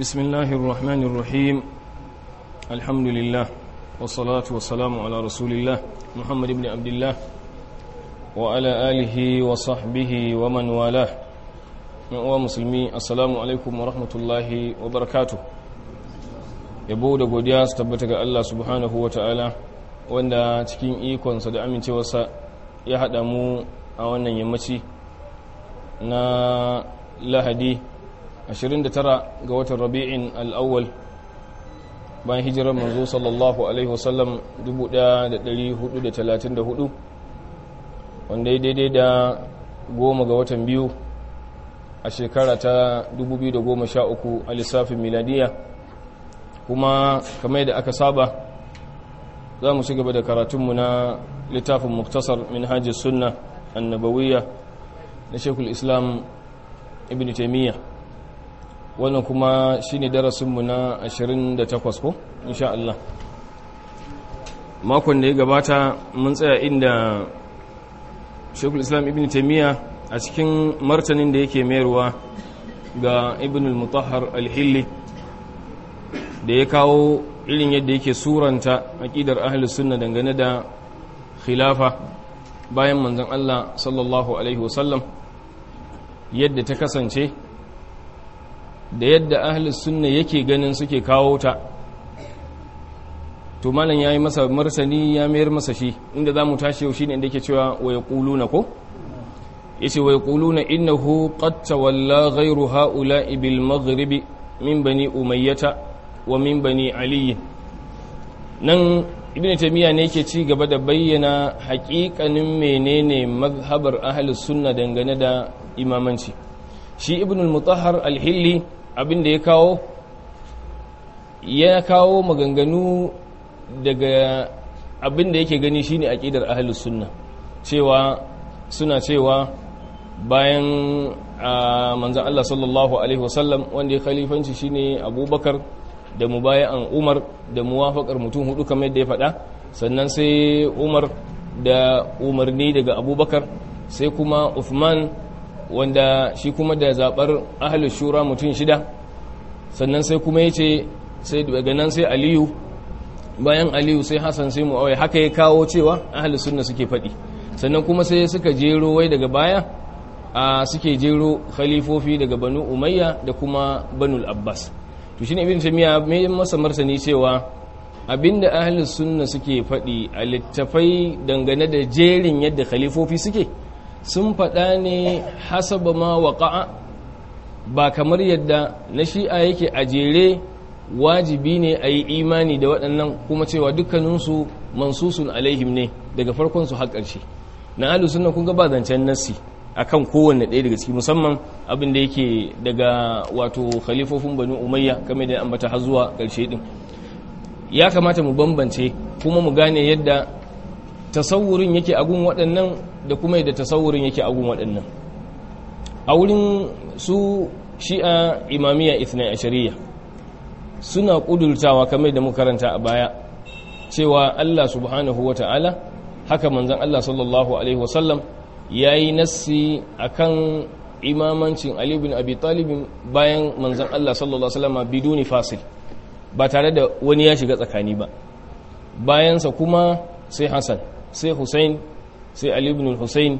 بسم الله الرحمن الرحيم الحمد لله والصلاة والسلام على رسول الله محمد بن عبد الله وعلى آله وصحبه ومن والاه مسلمي السلام عليكم ورحمة الله وبركاته يبود قدياس تبتك الله سبحانه وتعالى Allah subhanahu wa ta'ala wanda cikin ikonsa da amincewarsa ya haɗa mu a wannan yammaci na lahadi 29 ga watan rabi'in al'awwal bayan hijirar manzo sallallahu alaihi wasallam 1434 wanda ya daidai da goma ga watan biyu a shekara ta 2013 a lissafin miladiya kuma kamar da aka saba za mu gaba da karatunmu na littafin muktasar min hajji sunna Annabawiyya na shekul islam ibn taimiyya wannan kuma shi shine darasinmu na 28 ko insha Allah makon da ya gabata mun tsaya inda shekul islam ibn taimiyya a cikin martanin da yake mayarwa ga ibn al-mutahar al-hilli da ya kawo irin yadda yake suranta aƙidar ahlus sunna dangane da khilafa bayan manzon Allah sallallahu alaihi wasallam yadda ta kasance da yadda ahlus sunna yake ganin suke kawo ta to malam yayi masa marsani ya mayar masa shi inda zamu tashi yau shine inda yake cewa wa yaquluna ko yace wa yaquluna innahu qad tawalla ghayru ha'ula ibil maghribi min bani umayyata wa min bani ali nan ibn taymiya ne yake ci gaba da bayyana haƙiƙanin menene mazhabar ahlus sunna dangane da imamanci shi ibn al-mutahhar al-hilli abin da ya kawo ya kawo maganganu daga abin da yake gani shine aqidar ahlus sunna cewa suna cewa bayan manzon Allah sallallahu alaihi wasallam wanda ya khalifanci shine Abubakar da mubayan Umar da muwafaqar mutum hudu kamar yadda ya faɗa sannan sai Umar da umarni daga Abubakar sai kuma Uthman wanda shi kuma da zaɓar ahalin shura mutum shida sannan sai kuma ya ce sai daga nan sai aliyu bayan aliyu sai hassan sai mu mu'awai haka ya kawo cewa ahalin sunna suke faɗi sannan kuma sai suka jero wai daga baya a suke jero khalifofi daga banu umayya da kuma banul abbas to shine ibn tamiya mai masa martani cewa abinda ahlus sunna suke faɗi a littafai dangane da jerin yadda khalifofi suke sun faɗa ne hasaba ma waƙa'a ba kamar yadda na shi'a yake a jere wajibi ne a yi imani da waɗannan kuma cewa dukkaninsu mansusun alaihim ne daga farkonsu har ƙarshe na alu suna kun ga ba zancen nassi kan kowane ɗaya daga ciki musamman abin da yake daga wato khalifofin banu umayya kamar da ambata har zuwa ƙarshe ɗin. ya kamata mu bambance kuma mu gane yadda tasawurin yake agun waɗannan da kuma yadda tasawurin yake agun waɗannan a wurin su shi'a imamiyya ithnai shari'a suna ƙudurtawa kamar da makaranta a baya cewa Allah subhanahu wa ta'ala haka manzan Allah sallallahu alaihi wasallam ya yi nassi a kan imamancin alibin bin Abi Talibin bayan manzan Allah sallallahu alaihi wasallama biduni fasil ba tare da wani ya shiga tsakani ba bayansa kuma sai Hassan sai hussein sai ali ibn hussein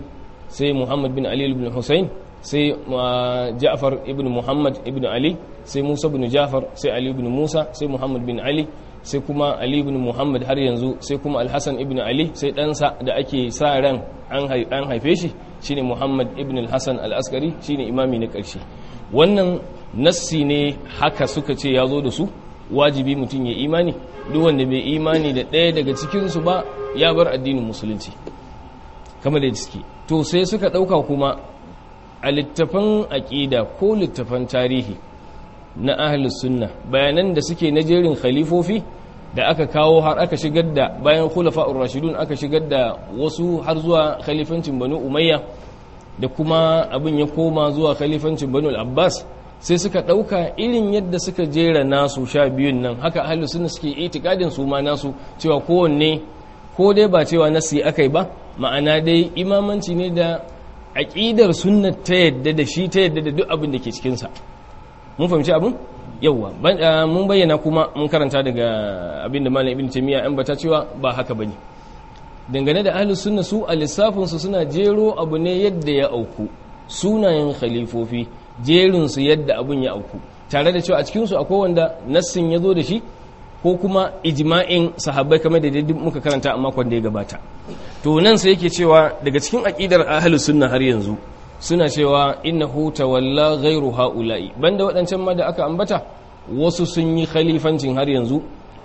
sai muhammad bin ali ibn hussein sai ja'far ibn muhammad ibn ali sai musa ibn ja'far sai ali ibn musa sai muhammad bin ali sai kuma ali ibn muhammad har yanzu sai kuma alhassan ibn ali sai ɗansa da ake sa ran an haife shi shine muhammad ibn alhassan al'askari shine imami na ƙarshe wannan nassi ne haka suka ce ya zo da su wajibi mutum ya imani duk wanda bai imani da ɗaya daga cikinsu ba ya bar addinin musulunci kamar da suke to sai suka ɗauka kuma a littafan aƙida ko littafan tarihi na ahli sunna bayanan da suke na jerin khalifofi da aka kawo har aka shigar da bayan ar rashidun aka shigar da wasu har zuwa khalifancin banu umayya da kuma abin ya koma zuwa khalifancin banu al-abbas sai suka dauka irin yadda suka jera nasu sha biyun nan haka ahlus sunna suke itikadin su ma nasu cewa kowanne ko dai ba cewa nasi aka yi ba ma'ana dai imamanci ne da aƙidar suna ta yadda da shi ta yadda da duk abin da ke cikinsa mun fahimci abin yawwa ah, mun bayyana kuma mun karanta daga abin da malam ibin taymiya 'yan bata cewa ba haka ba ne. dangane da ahalus sunna su a lissafinsu suna jero abu ne yadda ya auku sunayen khalifofi jerinsu yadda abun ya auku tare da cewa a cikinsu akwai wanda nassin ya zo da shi ko kuma ijma'in sahabbai kamar da dai muka karanta a makon da ya gabata to nan sai yake cewa daga cikin aqidar ahlus sunna har yanzu suna cewa innahu tawalla ghairu haula'i banda waɗancan ma da aka ambata wasu sun yi khalifancin har yanzu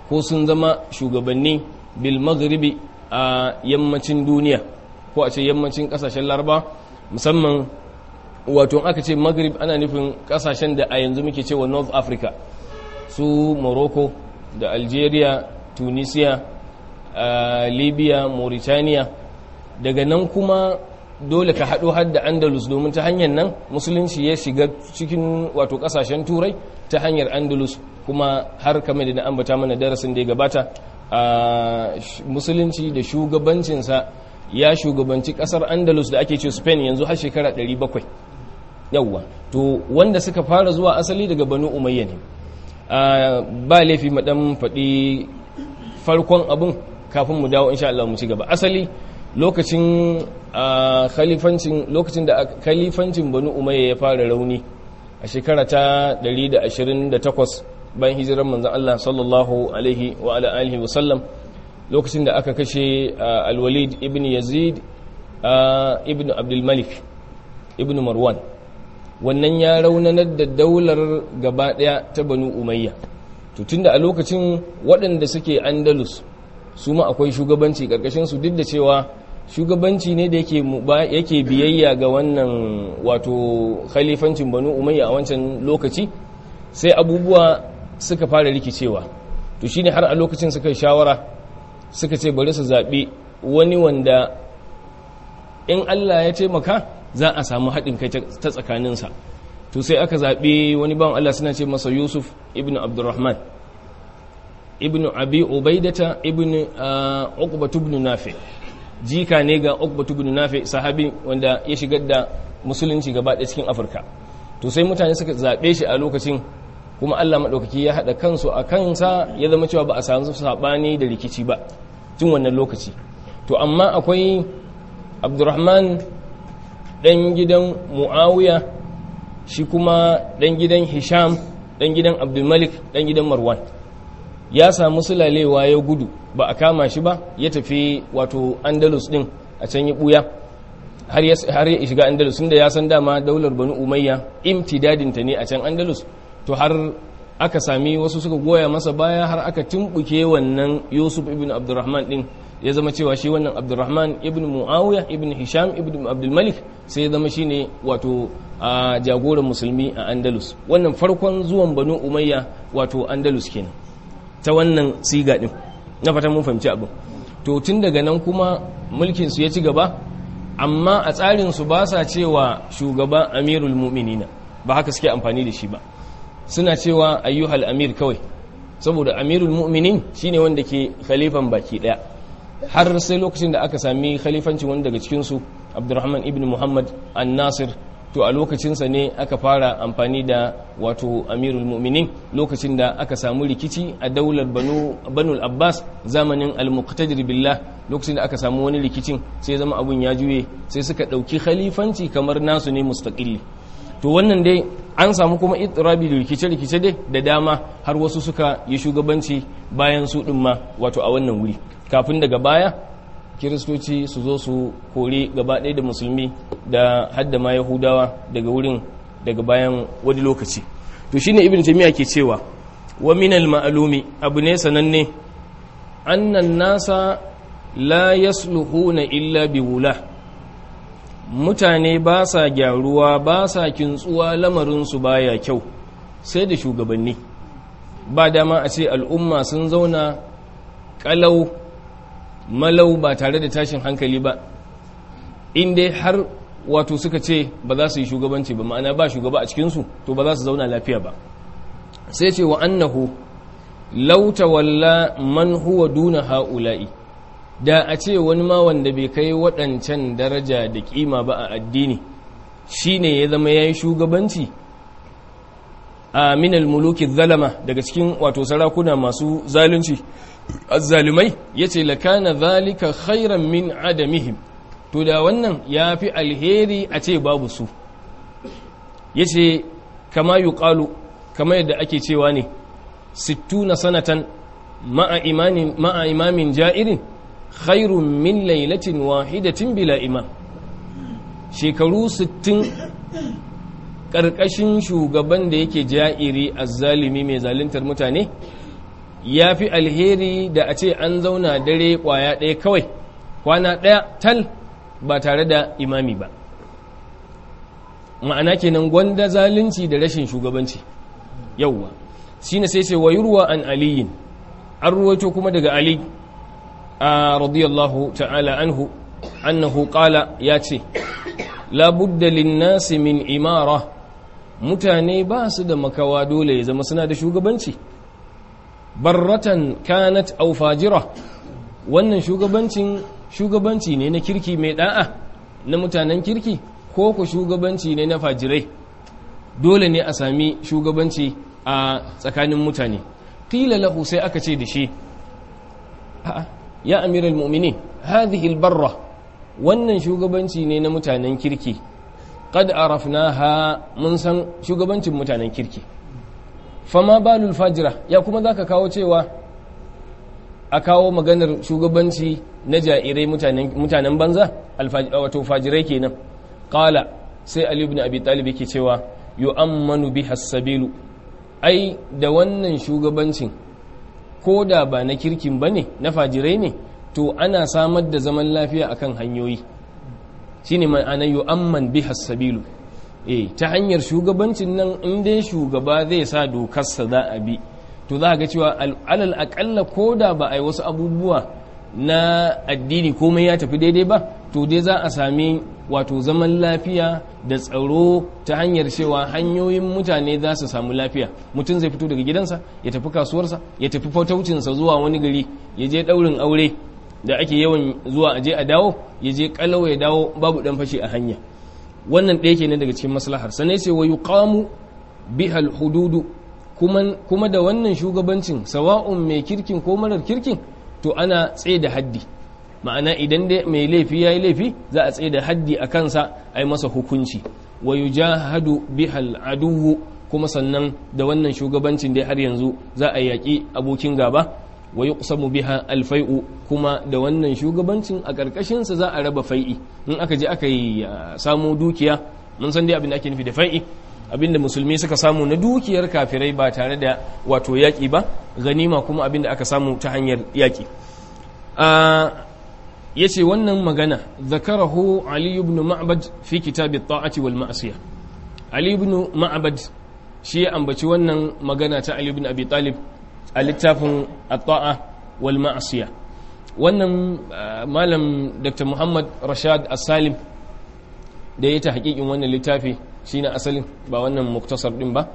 ko sun zama shugabanni bil maghribi a yammacin duniya ko a ce yammacin kasashen laraba musamman wato aka ce maghrib ana nufin kasashen da a yanzu muke cewa north africa su morocco da algeria tunisia libya mauritaniya daga nan kuma dole ka haɗo har andalus domin ta hanyar nan musulunci ya shiga cikin wato ƙasashen turai ta hanyar andalus kuma har kamar da na ambata mana darasin da ya gabata a musulunci da shugabancinsa ya shugabanci ƙasar andalus da ake ce spain yanzu har shekara 700 yawwa to wanda suka fara zuwa asali daga banu umayya ba laifi ma dan faɗi farkon abun kafin mu dawo insha Allah mu ci gaba asali lokacin khalifancin lokacin da khalifancin Banu Umayya ya fara rauni a shekara ta 128 bayan hijiran manzon Allah sallallahu alaihi wa ala alihi wa sallam lokacin da aka kashe Al-Walid ibn Yazid ibn Abdul Malik ibn Marwan wannan ya raunanar da daular gaba ɗaya ta banu umayya tutun da a lokacin waɗanda suke andalus su ma akwai shugabanci ƙarƙashinsu duk da cewa shugabanci ne da yake biyayya ga wannan wato khalifancin banu umayya a wancan lokaci sai abubuwa suka fara rikicewa to shine har a lokacin suka shawara suka ce bari su zaɓi wani wanda in Allah ya taimaka za a samu haɗin kai ta tsakaninsa to sai aka zaɓe wani bawan Allah suna ce masa Yusuf ibn Abdurrahman ibn Abi Ubaidata ibn uh, Uqbah ibn Nafi jika ne ga Uqbah ibn Nafi sahabi wanda ya shigar da musulunci gaba ɗaya cikin Afirka to sai mutane suka zaɓe shi a lokacin kuma Allah maɗaukaki ya haɗa kansu a kansa ya zama cewa ba a samu saɓani da rikici ba tun wannan lokaci to amma akwai Abdurrahman ɗan gidan mu'awiya shi kuma ɗan gidan hisham ɗan gidan abdulmalik ɗan gidan marwan ya samu sulalewa ya gudu ba a kama shi ba ya tafi wato andalus ɗin a can ya ɓuya har ya shiga andalus da ya san dama daular banu umayya imtidadinta ne a can andalus to har aka sami wasu suka goya masa baya har aka tumbuke wannan yusuf ibn Abdulrahman ɗin. ya zama cewa shi wannan abdurrahman ibn muawiya ibn hisham ibn abdulmalik sai ya zama shine wato a jagoran musulmi a andalus wannan farkon zuwan banu umayya wato andalus kenan ta wannan siga din na fata mun fahimci abin to tun daga nan kuma mulkin su ya ci gaba amma a tsarin su ba sa cewa shugaba amirul mu'minina ba haka suke amfani da shi ba suna cewa ayyuhal amir kawai saboda amirul mu'minin shine wanda ke khalifan baki daya har sai lokacin da aka sami khalifanci wani daga cikinsu abdurrahman ibn muhammad an nasir to a lokacinsa ne aka fara amfani da wato amirul mu'minin lokacin da aka samu rikici a daular banul abbas zamanin al-muqtadir billah lokacin da aka samu wani rikicin sai zama abun ya juye sai suka ɗauki khalifanci kamar nasu ne mustaqilli to wannan dai an samu kuma itirabi da rikice-rikice dai da dama har wasu suka yi shugabanci bayan su ɗin ma wato a wannan wuri kafin daga baya kiristoci su zo su kori gaba da musulmi da hadda ma yahudawa daga wurin daga bayan wani lokaci to shine ibn jami'a ke cewa wa minal ma'alumi abu ne sananne annan nasa la yasluhuna illa bi wula. mutane ba sa gyaruwa ba sa kintsuwa lamarinsu baya kyau sai da shugabanni ba dama a ce al'umma sun zauna kalau malau ba tare da tashin hankali ba inda har wato suka ce ba za su yi shugabanci ba ma'ana ba shugaba a cikinsu to ba za su zauna lafiya ba sai ce wa annahu lauta walla man huwa duna ha'ula'i da a ce wani ma wanda bai kai waɗancan daraja da ƙima ba a addini shi ne ya zama ya yi shugabanci a minal muluki zalama daga cikin wato sarakuna masu zalunci azzalumai ya ce lakana zalika khairan min adamihim to da wannan ya fi alheri a ce babu su ya ce kama yuqalu kama yadda ake cewa ne sittuna sanatan ma'a imamin ja'irin khairun min lailatin wahidatin bila imam shekaru sittin ƙarƙashin shugaban da yake ja'iri zalimi mai zaluntar mutane ya fi alheri da a ce an zauna dare kwaya ɗaya kawai kwana ɗaya tal ba tare da imami ba ma'ana kenan gwanda zalunci da rashin shugabanci yauwa shi ne sai ce wa yurwa an aliyin an ruwaito kuma daga ali a radiyallahu ta'ala anhu annahu qala ya ce labudda linnasi min imara mutane ba su da makawa dole ya zama suna da shugabanci barratan kanat au fajira wannan shugabancin shugabanci ne na kirki mai da'a na mutanen kirki ko ku shugabanci ne na fajirai dole ne a sami shugabanci a tsakanin mutane qila lahu sai aka ce da shi ya amiral mu'minin hadhihi albarra wannan shugabanci ne na mutanen kirki qad arafnaha mun san shugabancin mutanen kirki fama balul fajira ya kuma za ka kawo cewa a kawo maganar shugabanci na jairai mutanen banza wato fajirai kenan kala sai ali ibn abi talib yake cewa yu'ammanu bi hasabilu ai da wannan shugabancin ko da ba na kirkin bane na fajirai ne to ana samar da zaman lafiya akan hanyoyi shine ma'ana yu'amman bi hasabilu eh ta hanyar shugabancin nan in dai shugaba zai sa dokarsa za a bi to za ga cewa alal akalla ko da ba a yi wasu abubuwa na addini komai ya tafi daidai ba to dai za a sami wato zaman lafiya da tsaro ta hanyar cewa hanyoyin mutane za su samu lafiya mutum zai fito daga gidansa ya tafi kasuwarsa ya tafi fataucinsa zuwa wani gari ya je ɗaurin aure da ake yawan zuwa aje a dawo ya je kalau ya dawo babu ɗan fashi a hanya wannan ɗaya ke kenan daga cikin maslahar sannan sai wa yuqamu bihal hududu kuma da wannan shugabancin sawa'un mai kirkin ko marar kirkin to ana tsaye da haddi ma'ana idan dai mai laifi ya yi laifi za a tsaye da haddi a kansa a yi masa hukunci Wayu jahadu bihal aduwu kuma sannan da wannan shugabancin dai har yanzu za a yaƙi abokin gaba wa yuqsamu biha alfai'u kuma da wannan shugabancin a ƙarƙashinsa za a raba fai'i in aka je aka yi uh, samo dukiya mun san dai abin da ake nufi da fai'i abin da musulmi suka samu na dukiyar kafirai ba tare da wato yaƙi ba ganima kuma abin da aka samu ta hanyar yaƙi uh, ya ce wannan magana zakarahu ali ibn ma'bad fi kitabi ta'ati wal ma'asiya ali ibn ma'bad shi ya ambaci wannan magana ta ali ibn abi talib a littafin ata'a wal ma'asiya wannan ah, malam dr muhammad rashad asalim da ya ta hakikin wannan littafi shine asalin ba wannan muktasar din ba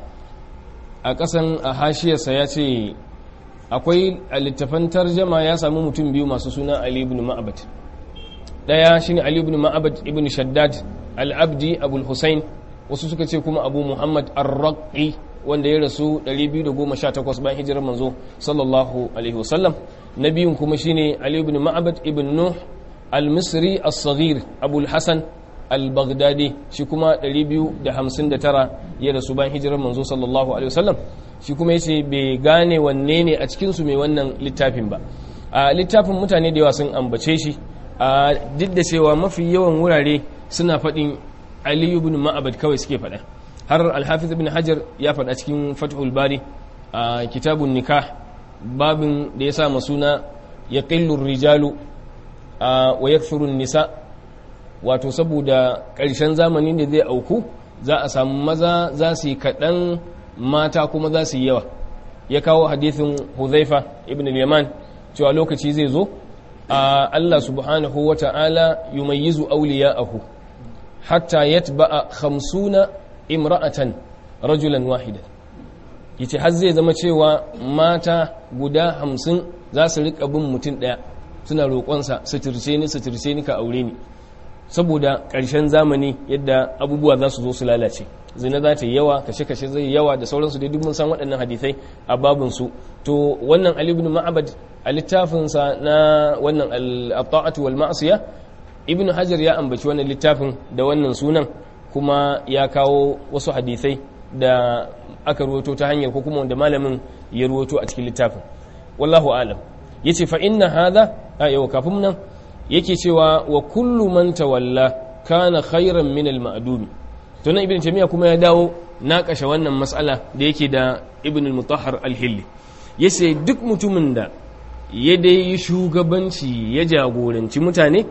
a kasan a hashiyarsa ya ce akwai a littafan tarjama ya samu mutum biyu masu suna ali ibn Ma'abat daya shine ali ibn Ma'abat ibn shaddad al-abdi abul husain wasu suka ce kuma abu muhammad ar-raqi wanda ya rasu 218 bayan hijirar manzo sallallahu alaihi wasallam na biyun kuma shine Ali ibn Ma'bad ibn Nuh al-Misri as-Saghir Abu al-Hasan al-Baghdadi shi kuma 259 ya rasu bayan hijirar manzo sallallahu alaihi wasallam shi kuma yace bai gane wanne ne a cikin su mai wannan littafin ba a littafin mutane da yawa sun ambace shi a duk da cewa mafi yawan wurare suna faɗin Ali ibn Ma'bad kawai suke faɗa har alhafiz ibn hajar ya faɗa cikin fathul bari a kitabun nikah babin da ya sa suna ya ƙillun rijalu a wa nisa wato saboda ƙarshen zamanin da zai auku za a samu maza za su yi kaɗan mata kuma za su yi yawa ya kawo hadithin huzaifa ibn yaman cewa lokaci zai zo a Allah subhanahu wa ta'ala yumayyizu awliya'ahu hatta yatba'a khamsuna imra'atan rajulan wahida yace har zai zama cewa mata guda hamsin za su rika bin mutum daya suna roƙonsa suturce ni suturce ni ka aure ni saboda ƙarshen zamani yadda abubuwa za su zo su lalace zina za ta yi yawa kashe-kashe zai yawa da sauransu dai duk mun san waɗannan hadisai a su to wannan ali ibn ma'abad a littafinsa na wannan al-ta'atu wal ma'asiya ibn hajar ya ambaci wannan littafin da wannan sunan kuma ya kawo wasu hadisai da aka ruwato ta hanyar ko kuma wanda malamin ya ruwato a cikin littafin wallahu alam yace fa inna hadha a yau kafin nan yake cewa wa kullu man tawalla kana khairan min al ma'dumi to nan ibn tamiya kuma ya dawo na kashe wannan mas'ala da yake da ibn al mutahhar al hilli yace duk mutumin da ya dai yi shugabanci ya jagoranci mutane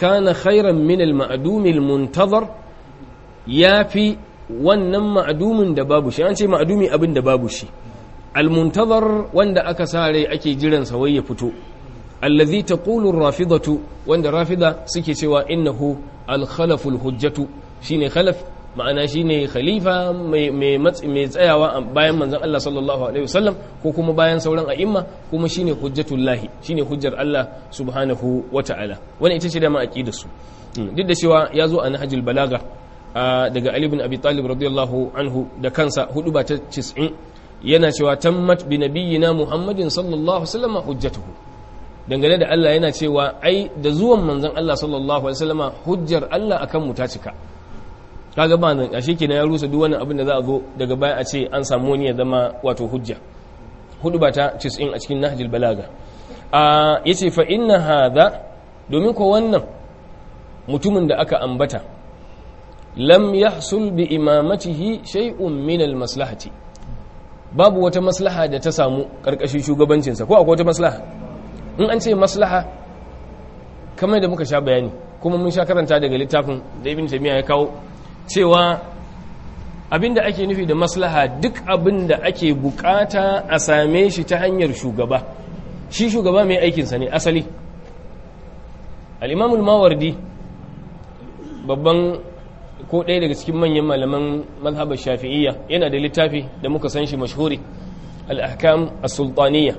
kana khairan min al ma'dumi al muntazar ya fi wannan ma'adumin da babu shi an ce ma'adumi abin da babu shi almuntazar wanda aka sa rai ake jiran wai ya fito allazi taqulu rafidatu wanda rafida suke cewa innahu alkhalaful hujjatu shine khalaf ma'ana shine khalifa mai mai tsayawa bayan manzon Allah sallallahu alaihi wasallam ko kuma bayan sauran a'imma kuma shine hujjatullahi shine hujjar Allah subhanahu wata'ala wannan ita ce da ma aqidar su hmm, duk da cewa yazo a nahjul balaga daga Ali bin Abi Talib radiyallahu anhu da kansa hudu ba ta yana cewa tammat bi nabiyyina Muhammadin sallallahu alaihi wasallam hujjatuhu dangane da Allah yana cewa ai da zuwan manzon Allah sallallahu alaihi wasallam hujjar Allah akan mu ta cika kaga ba nan ashe kenan ya rusa duk wani abin da za a zo daga baya a ce an samu wani ya zama wato hujja hudu ba ta a cikin Nahjul Balaga a yace fa inna hadha domin ko wannan mutumin da aka ambata lam yahsul bi imamatihi shay'un min al maslahati babu wata maslaha da ta samu karkashin shugabancinsa ko akwai wata maslaha in an ce maslaha kamar da muka sha bayani kuma mun sha karanta daga littafin da ibn ya kawo cewa abinda ake nufi da maslaha duk abinda ake bukata a same shi ta hanyar shugaba shi shugaba mai aikinsa ne asali al-imamul mawardi babban ko ɗaya daga cikin manyan malaman mazhabar shafi'iyya yana da littafi da muka san shi mashhuri al-ahkam as-sultaniyya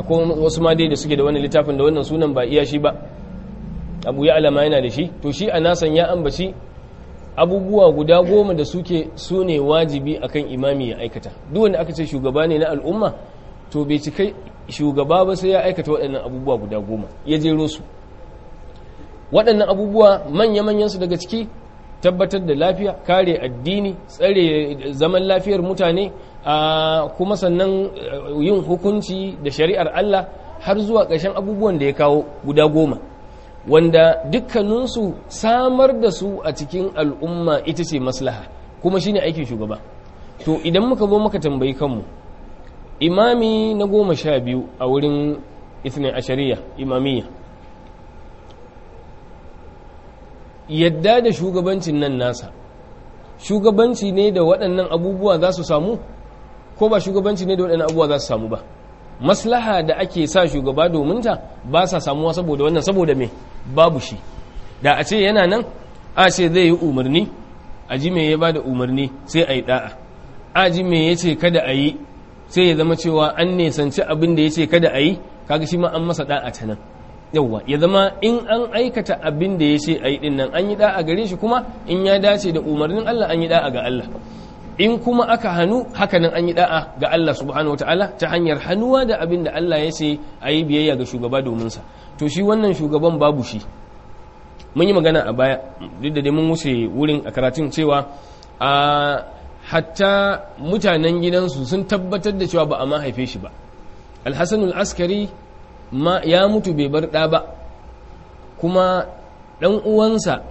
akwai wasu ma dai da suke da wani littafin da wannan sunan ba iya shi ba abu ya alama yana da shi to shi a nasan ya ambaci abubuwa guda goma da suke sune wajibi akan imami ya aikata duk wanda aka ce shugaba ne na al'umma to bai cika shugaba ba sai ya aikata waɗannan abubuwa guda goma ya jero su waɗannan abubuwa manya manyansu daga ciki tabbatar da lafiya kare addini tsare zaman lafiyar mutane kuma sannan eh, yin hukunci da shari'ar Allah har zuwa ƙarshen abubuwan da ya kawo guda goma wanda dukkaninsu samar da su a cikin al'umma ita ce maslaha kuma shine aikin shugaba to idan muka zo muka tambayi kanmu imami na goma sha biyu a wurin ithnin ashariya imamiyya yadda da shugabancin nan nasa shugabanci ne da waɗannan abubuwa za su samu ko ba shugabanci ne da waɗannan abubuwa za su samu ba maslaha da ake sa shugaba domin ta ba sa samuwa saboda wannan saboda me babu shi da a ce yana nan a ce zai yi umarni a ji me ya ba da umarni sai a yi da'a a ji me ya ce kada a yi sai ya zama cewa an nesanci abin da ya ce kada a yi kaga shi ma an masa da'a ta nan yauwa ya zama in an aikata abin da ya ce a yi an yi da'a gare shi kuma in ya dace da umarnin Allah an yi da'a ga Allah in kuma aka hannu hakanan an yi da'a ga Allah subhanahu wataala ta hanyar hannuwa da abin da Allah ya ce a yi biyayya ga shugaba domin sa to shi wannan shugaban babu shi mun yi magana a baya duk da dai mun wuce wurin a karatun cewa a hatta mutanen gidansu sun tabbatar da cewa ba a ma haife shi ba alhassan askari ya mutu bai bar ɗa ba kuma ɗan uwansa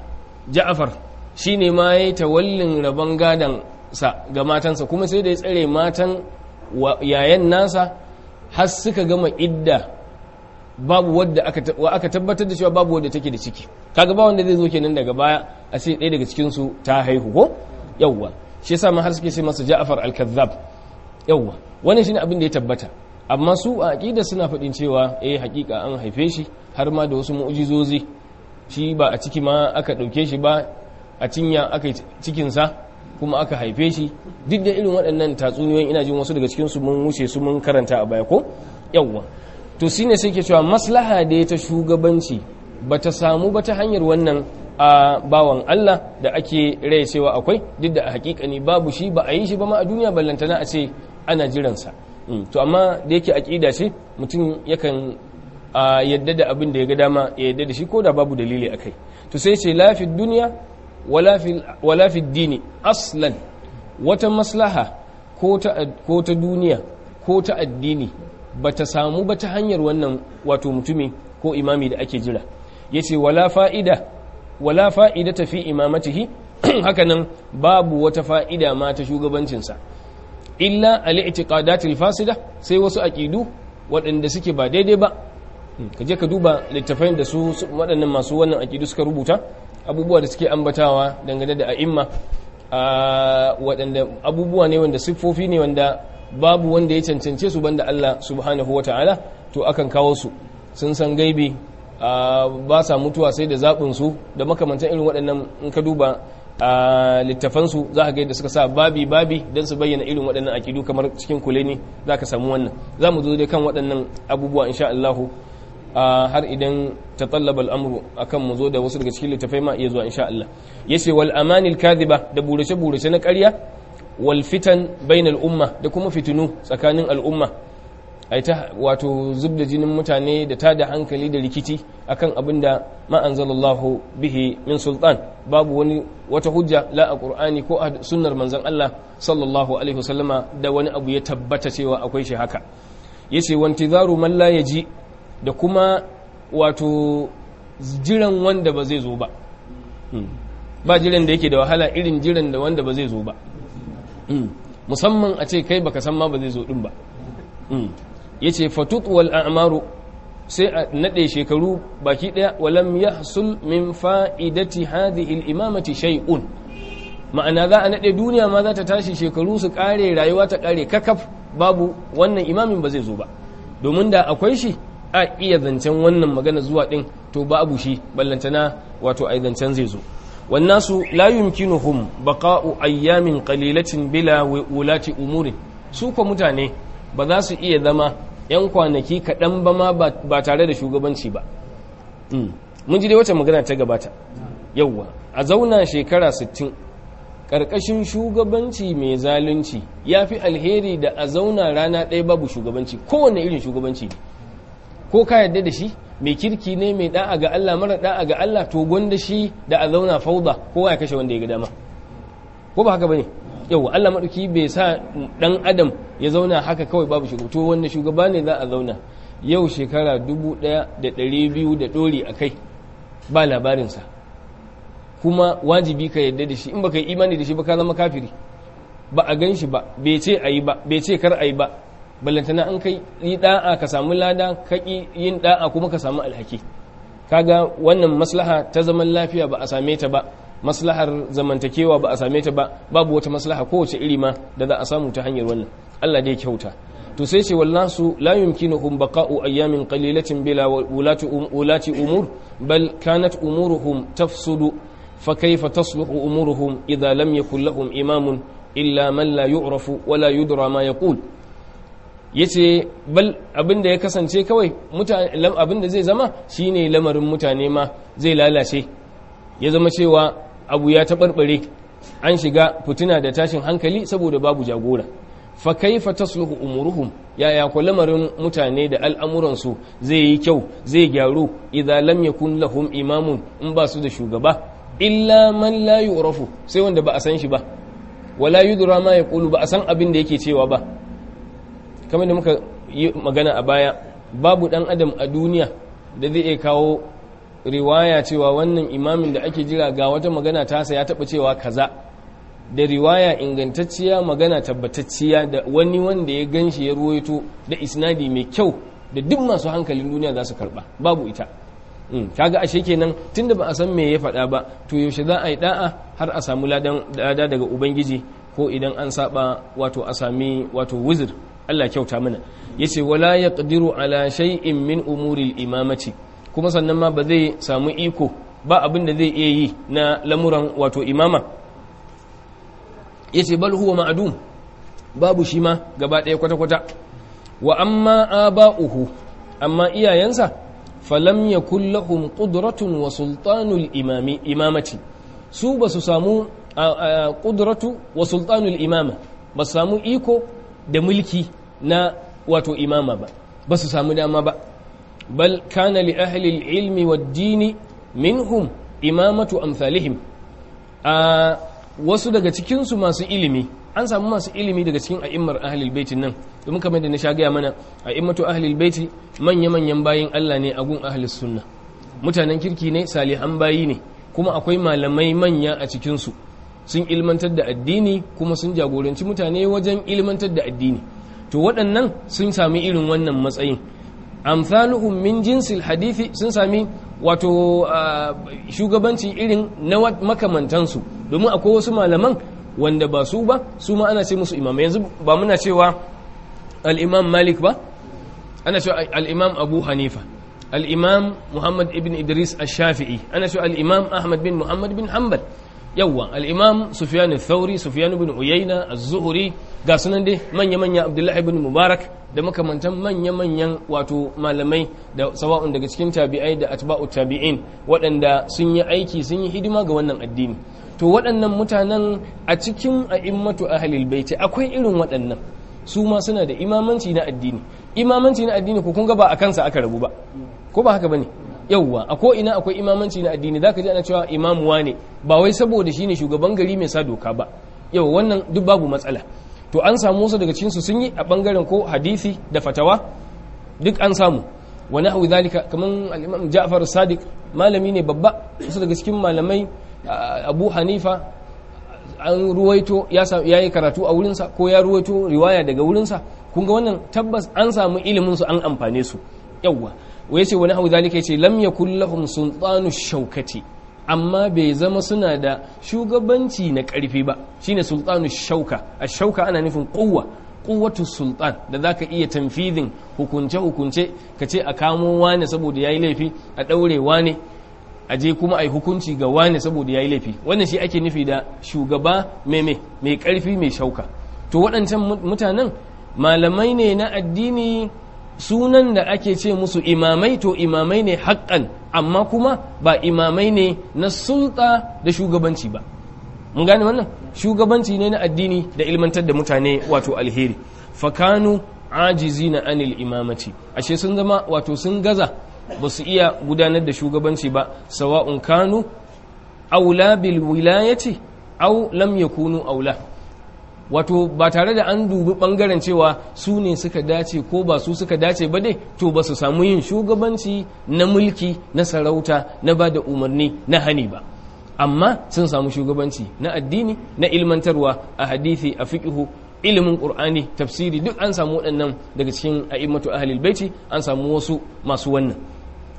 ja'afar shi ne ma ya yi tawallin rabon gadon sa ga matansa kuma sai da ya tsare matan yayan nasa har suka gama idda babu wadda aka tabbatar da cewa babu wadda take da ciki kaga ba wanda zai zo kenan daga baya a sai ɗaya daga cikin su ta haihu ko yawwa shi yasa ma har suke sai masa ja'afar al-Kazzab yawwa wannan shine abin da ya tabbata amma su a aƙida suna faɗin cewa eh haƙiƙa an haife shi har ma da wasu mu'ujizozi shi ba a ciki ma aka ɗauke shi ba a cinya aka cikinsa kuma aka haife shi duk da irin waɗannan tatsuniyoyin ina jin wasu daga cikinsu mun wuce su mun karanta a baya ko yawwa to shine sai ke cewa maslaha da ta shugabanci bata samu ba ta hanyar wannan a bawan Allah da ake rai cewa akwai duk da a ne babu shi ba a yi shi ba ma a duniya ballantana a ce ana jiransa Mm. to amma da yake aƙida ce mutum yakan yadda da abin da ya ga dama ya yadda da shi ko da babu dalili a kai to sai ce lafi duniya wala fi dini aslan wata maslaha ko ta duniya ko ta addini ba ta samu ba ta hanyar wannan wato mutumi ko imami da ake jira ya ce wala fa'ida ta fi imamatihi hakanan babu wata fa'ida ma ta shugabancinsa illa al-i'tiqadatil fasida sai wasu aqidu waɗanda suke ba daidai ba hmm, ka je ka duba littafin da su waɗannan masu wannan aqidu suka rubuta abubuwa da suke ambatawa dangane da a'imma waɗanda abubuwa ne wanda siffofi ne wanda babu wanda ya cancance su banda Allah subhanahu wata'ala to akan kawo su sun san gaibi ba sa mutuwa sai da zabin su da makamantan irin waɗannan in ka duba a littafansu za ka ga yadda suka sa babi babi don su bayyana irin waɗannan akidu kamar cikin kule ne za ka samu wannan za mu zo dai kan waɗannan abubuwa insha Allahu har idan ta tsallaba al'amuru a kan mu zo da wasu daga cikin littafai ma iya zuwa insha Allah ya ce wal amanil kaziba da burace burace na ƙarya wal fitan bainal umma da kuma fitinu tsakanin al'umma ai wato zub da jinin mutane da ta da hankali da rikici akan abin da ma'anzalallahu bihi min sultan babu wani wata hujja la a qur'ani ko a sunnar manzon Allah sallallahu alaihi wasallama da wani abu ya tabbata cewa akwai shi haka yace wantizaru man la yaji da kuma wato jiran wanda ba zai zo ba hmm. ba jiran da yake da wahala irin jiran da wanda ba zai zo ba hmm. musamman a ce kai baka san ma ba zai zo din ba hmm. ya ce fatutuwal amaru sai a naɗe shekaru baki ɗaya walam ya sul min fa'idati hadhihi imamati shai'un ma'ana za a naɗe duniya ma za ta tashi shekaru su kare rayuwa ta kare kakaf babu wannan imamin ba zai zo ba domin da akwai shi a iya zancen wannan magana zuwa ɗin to babu shi ballantana wato a zancen zai zo wannasu la yumkinuhum baqa'u ayyamin qalilatin bila wulati umurin su ko mutane ba za su iya zama 'yan kwanaki kaɗan ba ma ba tare da shugabanci ba hmm. mun ji dai wacce magana ta gabata yauwa a zauna shekara 60 ƙarƙashin shugabanci mai zalunci ya fi alheri da a zauna rana ɗaya babu shugabanci kowane irin shugabanci ne ko ka yadda da shi mai kirki ne mai ɗa'a ga Allah mara ɗa'a ga Allah to gwanda shi da a zauna fauda kowa ya kashe wanda ya ga dama ko ba haka ba ne. yau Allah maɗauki bai sa ɗan adam ya zauna haka kawai babu shugaba to wannan shugaba ne za a zauna yau shekara dubu ɗaya da ɗari biyu da ɗori a kai ba labarinsa kuma wajibi ka yadda da shi in ka yi imani da shi ba ka zama kafiri ba a gan shi ba bai ce a yi ba bai ce kar a yi ba ballantana an kai yi da'a ka samu lada ka yin da'a kuma ka samu alhaki kaga wannan maslaha ta zaman lafiya ba a same ta ba maslahar zamantakewa ba a same ta ba babu wata maslaha kowace iri ma da za a samu ta hanyar wannan Allah dai kyauta to sai ce wallasu la yumkinuhum baqa'u ayyamin qalilatin bila ulati um ulati umur bal kanat umuruhum tafsudu fa kayfa tasluhu umuruhum idha lam yakul lahum imamun illa man la yu'rafu wa la yudra ma yaqul yace bal abinda ya kasance kawai mutane abinda zai zama shine lamarin mutane ma zai lalace ya zama cewa abu ya taɓarɓare an shiga fituna da tashin hankali saboda babu jagora fa kaifa tasluhu umuruhum ya ya lamarin mutane da al'amuransu zai yi kyau zai gyaru idza lam yakun lahum imamun in ba su da shugaba illa man la yu'rafu sai wanda ba a san shi ba wala yudra ma yaqulu ba a san abin da yake cewa ba kamar da muka yi magana a baya babu dan adam a duniya da zai iya kawo riwaya cewa wannan imamin da ake jira ga wata magana tasa ya taba cewa kaza da riwaya ingantacciya magana tabbatacciya da wani wanda ya ganshi ya ruwaito da isnadi mai kyau da duk masu hankalin duniya za su karba babu ita mm, kaga ashe kenan tunda ba a san me ya faɗa ba to yaushe za a yi da'a har a samu ladan lada daga ubangiji ko idan an saba wato a sami wato wuzir Allah kyauta mana ya ce wala yaqdiru ala shay'in min umuri al kuma sannan ma ba zai samu iko ba abin da zai iya yi na lamuran wato imama yace bal huwa ma'dum babu shi ma gaba ɗaya kwata-kwata wa amma aba'uhu amma iyayensa falam yakul lahum qudratun wa sultanul imamati su ba su samu qudratu wa sultanul imama ba su samu iko da mulki na wato imama ba ba su samu dama ba بل كان لأهل العلم ilmi منهم إمامة minhum imamatu amsalihim a wasu daga cikin masu ilimi an samu masu ilimi daga cikin a'immar ahlul baitin nan domin kamar da na sha gaya mana a'immatu ahlul baiti manya manyan bayin Allah ne agun ahlus sunna mutanen kirki ne salihan bayi ne kuma akwai malamai manya a cikinsu sun ilmantar da addini kuma sun jagoranci mutane wajen ilmantar da addini to waɗannan sun sami irin wannan matsayin amfaluhum min jinsil hadithi sun sami wato shugabanci irin na makamantansu domin akwai wasu malaman wanda ba su ba su ma ana ce musu imamai yanzu ba muna cewa al'imam malik ba ana cewa al'imam abu hanifa al'imam muhammad ibn idris ash-shafi'i ana cewa al'imam ahmad bin muhammad bin hanbal yawwa al-imam sufyan al bin sufyan az-zuhri ga sunan dai manya manya abdullahi bin mubarak da makamantan manya manyan wato malamai da sawa'un daga cikin tabi'ai da atba'u tabi'in waɗanda sun yi aiki sun yi hidima ga wannan addini to waɗannan mutanen a cikin a'immatu ahlil baiti akwai irin waɗannan su ma suna da imamanci na addini imamanci na addini ko kun ga ba a kansa aka rabu ba ko ba haka bane yauwa a ko ina akwai imamanci na addini zaka ji ana cewa imamuwa ne ba wai saboda shine shugaban gari mai sa doka ba yau wannan duk babu matsala to an samu wasu daga cikin su sun yi a bangaren ko hadisi da fatawa duk an samu wa nahwu zalika kaman al-imam Ja'far Sadiq malami ne babba wasu daga cikin malamai Abu Hanifa an ruwaito ya yi karatu a wurinsa ko ya ruwaito riwaya daga wurinsa kun ga wannan tabbas an samu ilimin su an amfane su yawwa wai ce wani abu zalika ce lam ya kullahum sultanu shaukati amma bai zama suna da shugabanci na karfi ba shine sultanu shauka a shauka ana nufin kowa kuwatu sultan da zaka iya tanfizin hukunce hukunce ka ce a kamo wane saboda yayi laifi a daure wane a je kuma a yi hukunci ga wane saboda yayi laifi wannan shi ake nufi da shugaba meme mai karfi mai shauka to waɗancan mutanen malamai ne na addini sunan da ake ce musu imamai to imamai ne haƙƙan amma kuma ba imamai ne na sulta da shugabanci ba mun gane wannan shugabanci ne na addini da ilmantar da mutane wato alheri fakanu Ajizi, na anil imamati ashe sun zama wato sun gaza ba su iya gudanar da shugabanci ba sawa'un kanu aula bil wilayati au lam yakunu aula wato ba tare da an dubi bangaren cewa su ne suka dace ko ba su suka dace ba dai to ba su samu yin shugabanci na mulki na sarauta na ba da umarni na hani ba amma sun samu shugabanci na addini na ilmantarwa a hadithi a fiƙihu ilimin ƙur'ani tafsiri duk an samu waɗannan daga cikin a'immatu ahlil baiti an samu wasu masu wannan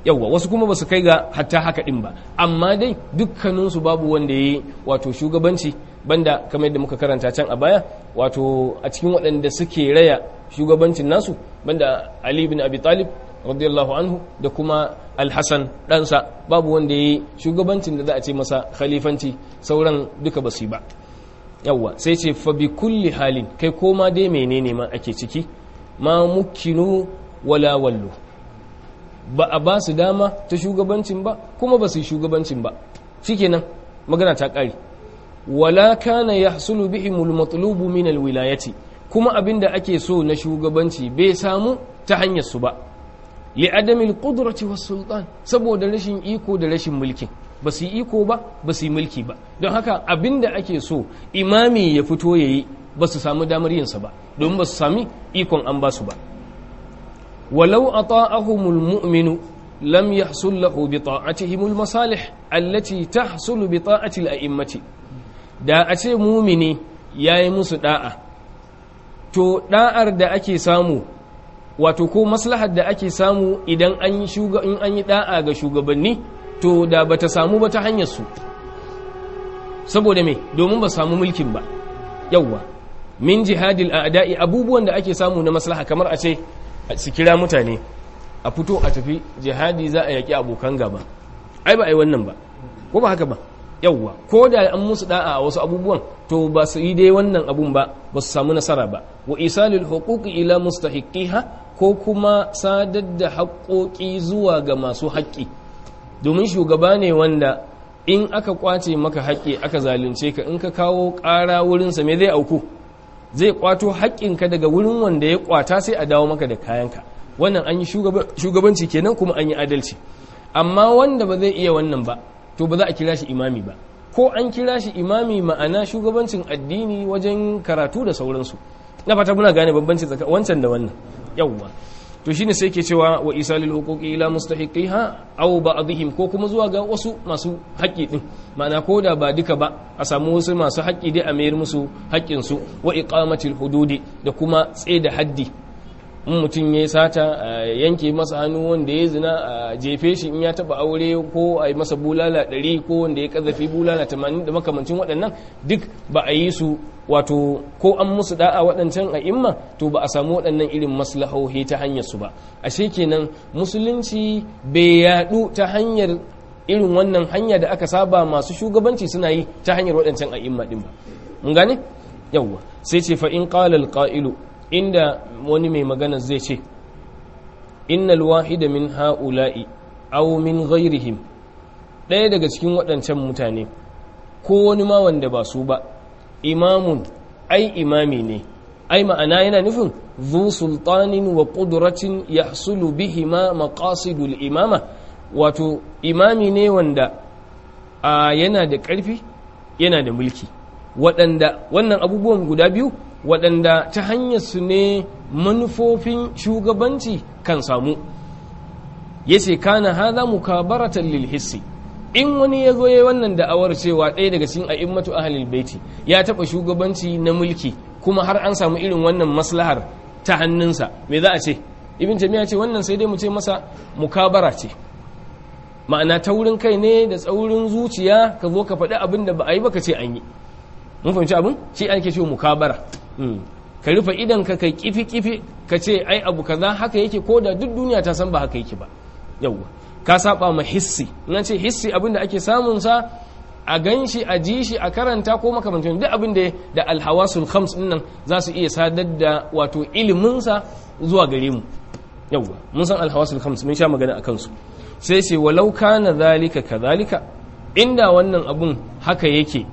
yawwa wasu kuma ba su kai ga hatta haka ɗin ba amma dai dukkaninsu babu wanda ya yi wato shugabanci banda kamar yadda muka karanta can a baya wato a cikin waɗanda suke raya shugabancin nasu banda ali bin abi talib radiyallahu anhu da kuma alhassan ɗansa babu wanda ya yi shugabancin da za a ce masa khalifanci sauran duka basu ba yawwa sai ce fa bi kulli halin kai ko ma dai menene ma ake ciki ma mukinu wala wallu ba a ba su dama ta shugabancin ba kuma ba su yi shugabancin ba shikenan magana ta kare wala kana yahsulu bihimul matlubu min alwilayati kuma abinda ake so na shugabanci bai samu ta hanyar su ba li adamil qudrati wa sultan saboda rashin iko da rashin mulki ba su yi iko ba ba su yi mulki ba don haka abinda ake so imami ya fito yayi ba su samu damar sa ba don ba su sami ikon an ba su ba walau ata'ahumul mu'minu lam yahsul lahu bi ta'atihimul masalih allati tahsulu bi ta'atil a'immati da a ce mumini ya yi musu da'a to da'ar da ake samu wato ko maslahar da ake samu idan an yi da'a ga shugabanni to da ba ta samu ba ta hanyar su saboda me domin ba samu mulkin ba yawwa min jihadil a'da'i abubuwan da ake samu na maslaha kamar a ce su kira mutane a fito a tafi jihadi za a yaƙi abokan gaba ai ba ai wannan ba ko ba haka ba yawwa ko da an musu da'a a wasu abubuwan to ba su yi dai wannan abun ba ba su samu nasara ba wa isalil huquqi ila mustahiqiha ko kuma sadar da haƙoƙi zuwa ga masu haƙƙi domin shugaba ne wanda in aka kwace maka haƙƙi aka zalunce ka in ka kawo ƙara wurinsa me zai auku zai kwato haƙƙinka daga wurin wanda ya kwata sai a dawo maka da kayanka wannan an yi shugabanci kenan kuma an yi adalci amma wanda ba zai iya wannan ba to ba za a kira shi imami ba ko an kira shi imami ma'ana shugabancin addini wajen karatu da sauransu na fata muna gane bambanci tsakanin wancan da wannan yawwa to shine sai ke cewa wa isalil huquqi ila mustahiqiha aw ba'dihim ko kuma zuwa ga wasu masu haƙƙi din ma'ana ko da ba duka ba a samu wasu masu haƙƙi dai a mayar musu haƙƙin su wa iqamatil hududi da kuma tsaye da haddi in mutum ya sata a yanke masa hannu wanda ya zina a jefe shi in ya taba aure ko a yi masa bulala ɗari ko wanda ya kazafi bulala tamanin da makamancin waɗannan duk ba a yi su wato ko an musu da'a waɗancan a imma to ba a samu waɗannan irin maslahohi ta hanyar su ba ashe kenan musulunci bai yaɗu ta hanyar irin wannan hanya da aka saba masu shugabanci suna yi ta hanyar waɗancan a imma ɗin ba mun gane yawwa sai ce fa in qala al-qa'ilu inda wani mai magana zai ce innal wahida min ha'ula'i aw min ghairihim ɗaya daga cikin waɗancan mutane ko wani ma wanda ba su ba imamun ai imami ne ai ma'ana yana nufin zu sultanin wa ƙuduratin ya bihima bihi ma imama wato imami ne wanda a yana da ƙarfi yana da mulki waɗanda wannan abubuwan guda biyu waɗanda ta hanyar su ne manufofin shugabanci kan samu ya ce kana haza mukabaratan lil hissi in wani ya zo ya wannan da'awar cewa ɗaya daga cikin a'immatu ahlul baiti ya taɓa shugabanci na mulki kuma har an samu irin wannan maslahar ta hannunsa me za a ce ibn tamiya ce wannan sai dai mu ce masa mukabara ce ma'ana taurin kai ne da tsaurin zuciya ka zo ka faɗi abin da ba a yi ba ka ce an yi mun fahimci abin shi ake ce mukabara Mm. ka rufe idan ka kai kifi kifi ka ce ai abu kaza haka yake ko da duk duniya ta san ba haka yake ba yawwa ka saba ma hissi nan ce hissi abin da ake samun sa a gan shi a ji shi a karanta ko makamancin duk abin da da alhawasul khams din nan za su iya sadar da wato ilimin sa zuwa gare mu yawwa mun san alhawasul khams mun sha magana akan su sai sai walau kana zalika kadhalika inda wannan abun haka yake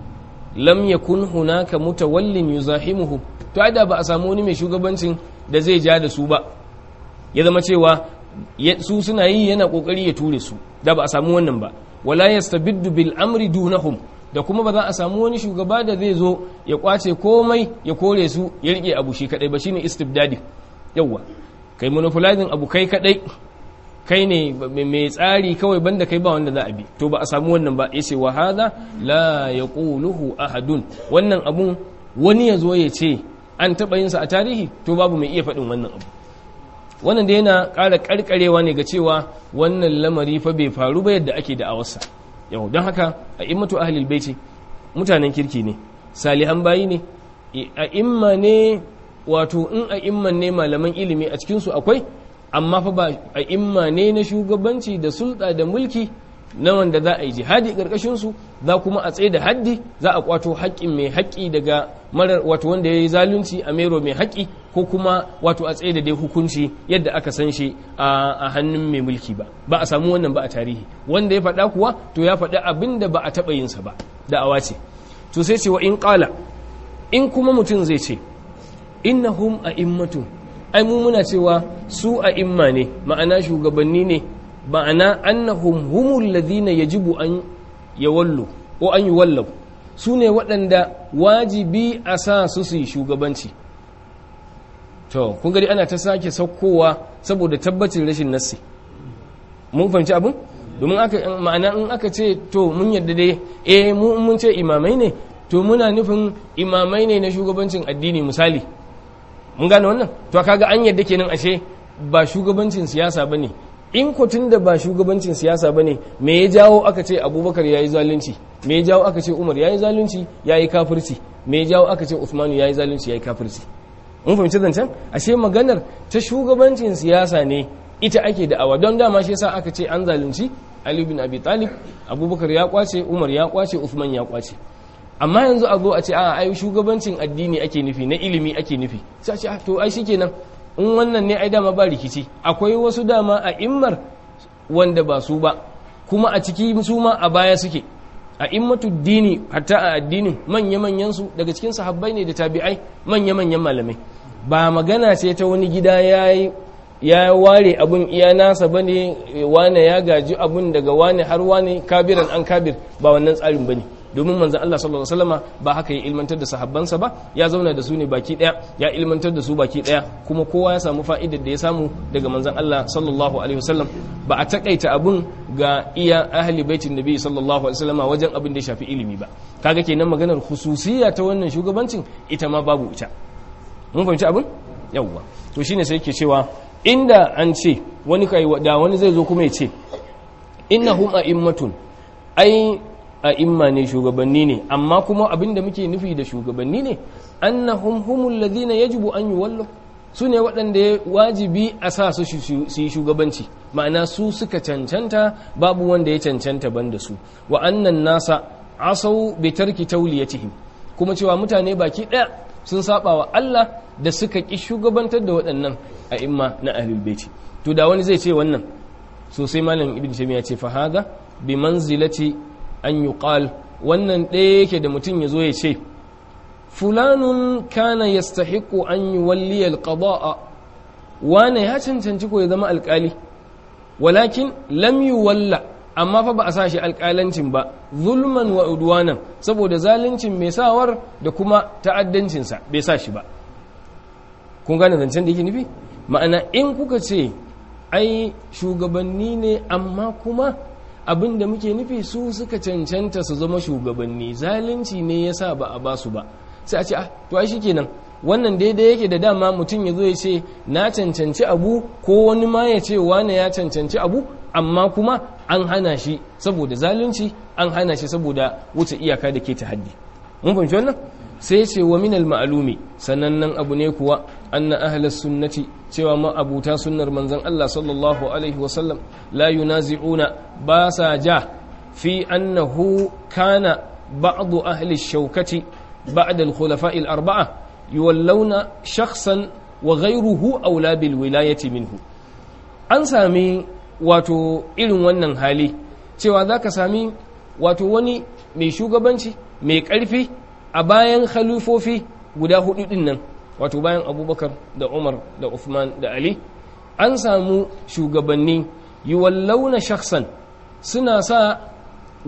lam yakun hunaka mutawallin yuzahimuhu to ai da ba a samu wani mai shugabancin da zai ja da su ba ya zama cewa su suna yi yana kokari ya ture su da ba a samu wannan ba wala yastabiddu bil amri dunahum da kuma ba za a samu wani shugaba da zai zo ya kwace komai ya kore su ya rike abu shi kadai ba shine istibdadi yawa kai monopolizing abu kai kadai kai ne mai tsari kawai banda kai ba wanda za a bi to ba a samu wannan ba yace wa hada la yaquluhu ahadun wannan abun wani ya zo ya ce an taɓa yinsa a tarihi to babu mai iya faɗin wannan abu wannan da yana ƙara ƙarƙarewa ne ga cewa wannan lamari fa bai faru ba yadda ake da awarsa. yau don haka a immatu ahlil baiti mutanen kirki ne salihan bayi ne a imma ne wato in a imma ne malaman ilimi a cikinsu akwai amma fa ba a imma ne na shugabanci da sulɗa da mulki na wanda za a yi jihadi ƙarƙashinsu za kuma a tsaye da haddi za a kwato haƙƙin mai haƙƙi daga marar wato wanda ya yi zalunci a mero mai haƙƙi ko kuma wato a tsaye da dai hukunci yadda aka san shi a hannun mai mulki ba ba a samu wannan ba a tarihi wanda ya faɗa kuwa to ya faɗa abin da ba a taɓa yin sa ba da'awa ce to sai ce in ƙala in kuma mutum zai ce innahum a immatu ai mu muna cewa su a imma ne ma'ana shugabanni ne ma'ana annahum humul ladina yajibu an ya wallo ko an yi wallau su ne waɗanda wajibi a sa su su yi shugabanci to kun gari ana ta sake saukowa saboda tabbacin rashin nassi mun fahimci abin domin aka ma'ana in aka ce to mun yadda dai eh mu mun ce imamai ne to muna nufin imamai ne na shugabancin addini misali mun gane wannan to kaga an yadda kenan ashe ba shugabancin siyasa bane in ku da ba shugabancin siyasa ba ne me ya jawo aka ce abubakar ya yi zalunci me ya jawo aka ce umar ya yi zalunci ya yi kafirci me ya jawo aka ce usmanu ya yi zalunci ya yi kafirci mun fahimci zancen ashe maganar ta shugabancin siyasa ne ita ake da'awa don dama shi yasa aka ce an zalunci ali bin abi talib abubakar ya kwace umar ya kwace usman ya kwace amma yanzu a zo a ce a ai shugabancin addini ake nufi na ilimi ake nufi sai a ce ah, to ai shikenan in wannan ne ai dama ba rikici akwai wasu dama a immar wanda ba su ba kuma a ciki su ma a baya suke a immatu dini hatta a addinin manya-manyan su daga cikin sahabbai ne da tabi'ai manya-manyan malamai ba magana sai ta wani gida yayi ya ware abun iya nasa ba ne wane ya gaji abun daga wane har wane kabiran an kabir ba wannan tsarin ba ne. domin manzan Allah sallallahu alaihi wasallama ba haka ya ilmantar da sahabbansa ba ya zauna da su ne baki daya ya ilmantar da su baki daya kuma kowa ya samu fa'idar da ya samu daga manzan Allah sallallahu alaihi wasallam ba a takaita abun ga iya ahli baitin nabi sallallahu alaihi wasallama wajen abin da ya shafi ilimi ba kaga kenan maganar khususiyya ta wannan shugabancin ita ma babu ita mun fahimci abun yawwa to shine sai yake cewa inda an ce wani kai da wani zai zo kuma ya ce innahum a'immatun ai a imma ne shugabanni ne amma kuma abin da muke nufi da shugabanni ne annahum humul ladina yajibu an yuwallu su ne waɗanda ya wajibi a sa su su yi shugabanci ma'ana su suka cancanta babu wanda ya cancanta banda su wa annan nasa asau bi tarki tawliyatihim kuma cewa mutane baki ɗaya sun saba wa Allah da suka ki shugabantar da waɗannan a imma na ahlul baiti to da wani zai ce wannan sosai malam ibn jami'a ce fa haga bi manzilati an yi ƙal wannan ɗaya yake da mutum ya zo ya ce fulanun kana ya stahiko an yi walli alƙaba'a wane ya cancanci ko ya zama alƙali walakin lam yi walla amma fa ba a sa shi alƙalancin ba zulman wa udwanan saboda zaluncin mai sawar da kuma ta'addancinsa bai sa shi ba kun gane zancen da yake nufi ma'ana in kuka ce ai shugabanni ne amma kuma abin da muke nufi su suka cancanta su zama shugabanni zalunci ne ya sa ba a ba su ba sai a ce ah to ai shikenan wannan daidai yake da dama mutum ya zo ya ce na cancanci abu ko wani ma ya ce wane ya cancanci abu amma kuma an hana shi saboda zalunci an hana shi saboda wuce iyaka da ke ta haddi mun fahimci wannan sai ce wa minal ma'alumi sanannen abu ne kuwa anna ahlas sunnati cewa ma abuta sunnar manzon Allah sallallahu alaihi wasallam la yunazi'una ba sa ja fi annahu kana ba'du ahli shaukati ba'da al-khulafa'i al-arba'a yuwallawna shakhsan wa ghayruhu aula bil wilayati minhu an sami wato irin wannan hali cewa zaka sami wato wani mai shugabanci mai karfi a bayan khalifofi guda hudu din nan wato bayan abubakar da umar da uthman da ali an samu shugabanni launa shaksan suna sa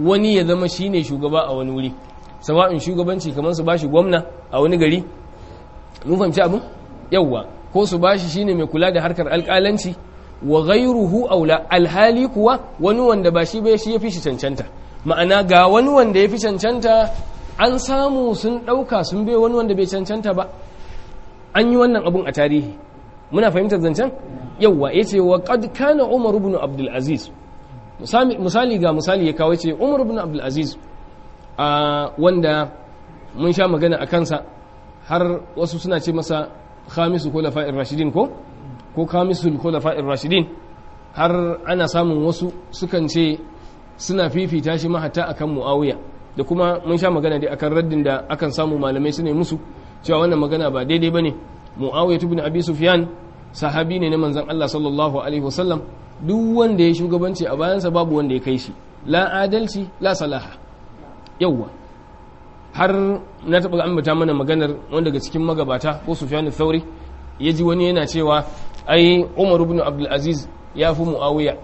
wani ya zama shine shugaba a wani wuri sawa'in shugabanci kamar su bashi gwamna a wani gari mun fahimci abin yawwa ko su bashi shine mai kula da harkar alƙalanci wa ghayruhu aula alhali kuwa wani wanda ba shi bai shi ya fi shi cancanta ma'ana ga wani wanda ya fi cancanta an samu sun ɗauka sun bai wani wanda bai cancanta ba an yi wannan abun a tarihi muna fahimtar zancen yauwa ya ce wa qad umar rubin abdulaziz misali ga misali ya kawo ce umar rubin abdulaziz a wanda mun sha magana a kansa har wasu suna ce masa khamisu lafa'in rashidin ko ko ko lafa'in rashidin har ana samun wasu sukan ce suna fifita shi mahata akan muawiya da kuma mun sha magana dai akan raddin da akan samu malamai su ne musu cewa wannan magana ba daidai bane mu'awiyatu bin abi sufyan sahabi ne na manzon Allah sallallahu alaihi wasallam duk wanda ya shugabanci a bayansa babu wanda ya kai shi la adalci la salaha yawa har na taɓa ambata mana maganar wanda daga cikin magabata ko sufyan thauri ya ji wani yana cewa ai umar ibn abdul aziz ya fi muawiya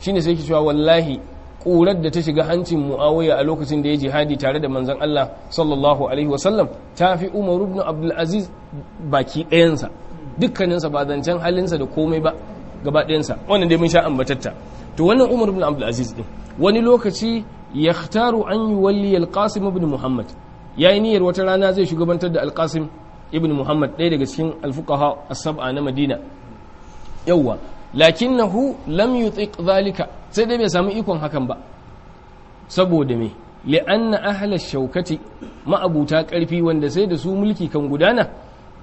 shine sai ki cewa wallahi ƙurar da ta shiga hancin muawiya a lokacin da ya jihadi tare da manzan Allah sallallahu alaihi wasallam ta fi Umaru ibn Abdulaziz baki ɗayansa dukkaninsa ba zancen halinsa da komai ba gaba ɗayansa wannan dai mun sha ambatatta to wannan Umaru ibn Abdulaziz Aziz wani lokaci yahtaru an yi al-Qasim ibn Muhammad yayi niyyar wata rana zai shugabantar da al ibn Muhammad ɗaya daga cikin al-fuqaha as-sab'a na Madina yawwa lakinnahu lam yutiq zalika sai dai bai samu ikon hakan ba saboda me li'anna ahla shaukati ma'abuta karfi wanda sai da su mulki kan gudana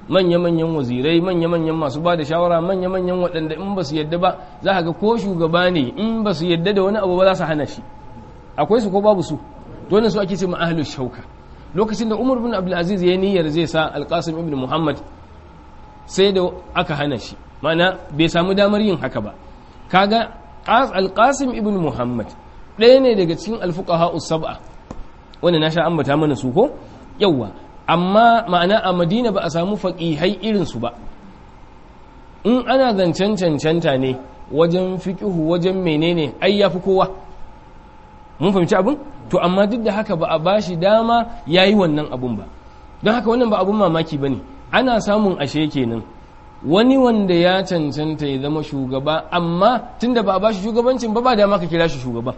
manya-manyan wazirai manya-manyan masu bada shawara manya-manyan wadanda in ba su yadda ba za ka ga ko shugaba ne in ba su yadda da wani abu ba za su hana shi akwai su ko babu su dole su ake ce ma shauka lokacin da umar bin abdulaziz ya niyyar zai sa Al-Qasim ibn muhammad sai da aka hana shi mana bai samu damar yin haka ba kaga alƙasim ibn muhammad ɗaya ne daga cikin alfuqaha sab'a wanda na sha ambata mana su ko yawwa amma ma'ana a madina ba a samu faƙihai irinsu ba in ana zancen cancanta ne wajen fiƙihu wajen menene ai ya fi kowa mun fahimci abin to amma duk da haka ba a bashi dama ya yi wannan abun ba don haka wannan ba abun mamaki ba ne ana samun ashe kenan wani wanda ya cancanta ya zama shugaba amma tunda ba a bashi shugabancin ba ba da maka kira shi shugaba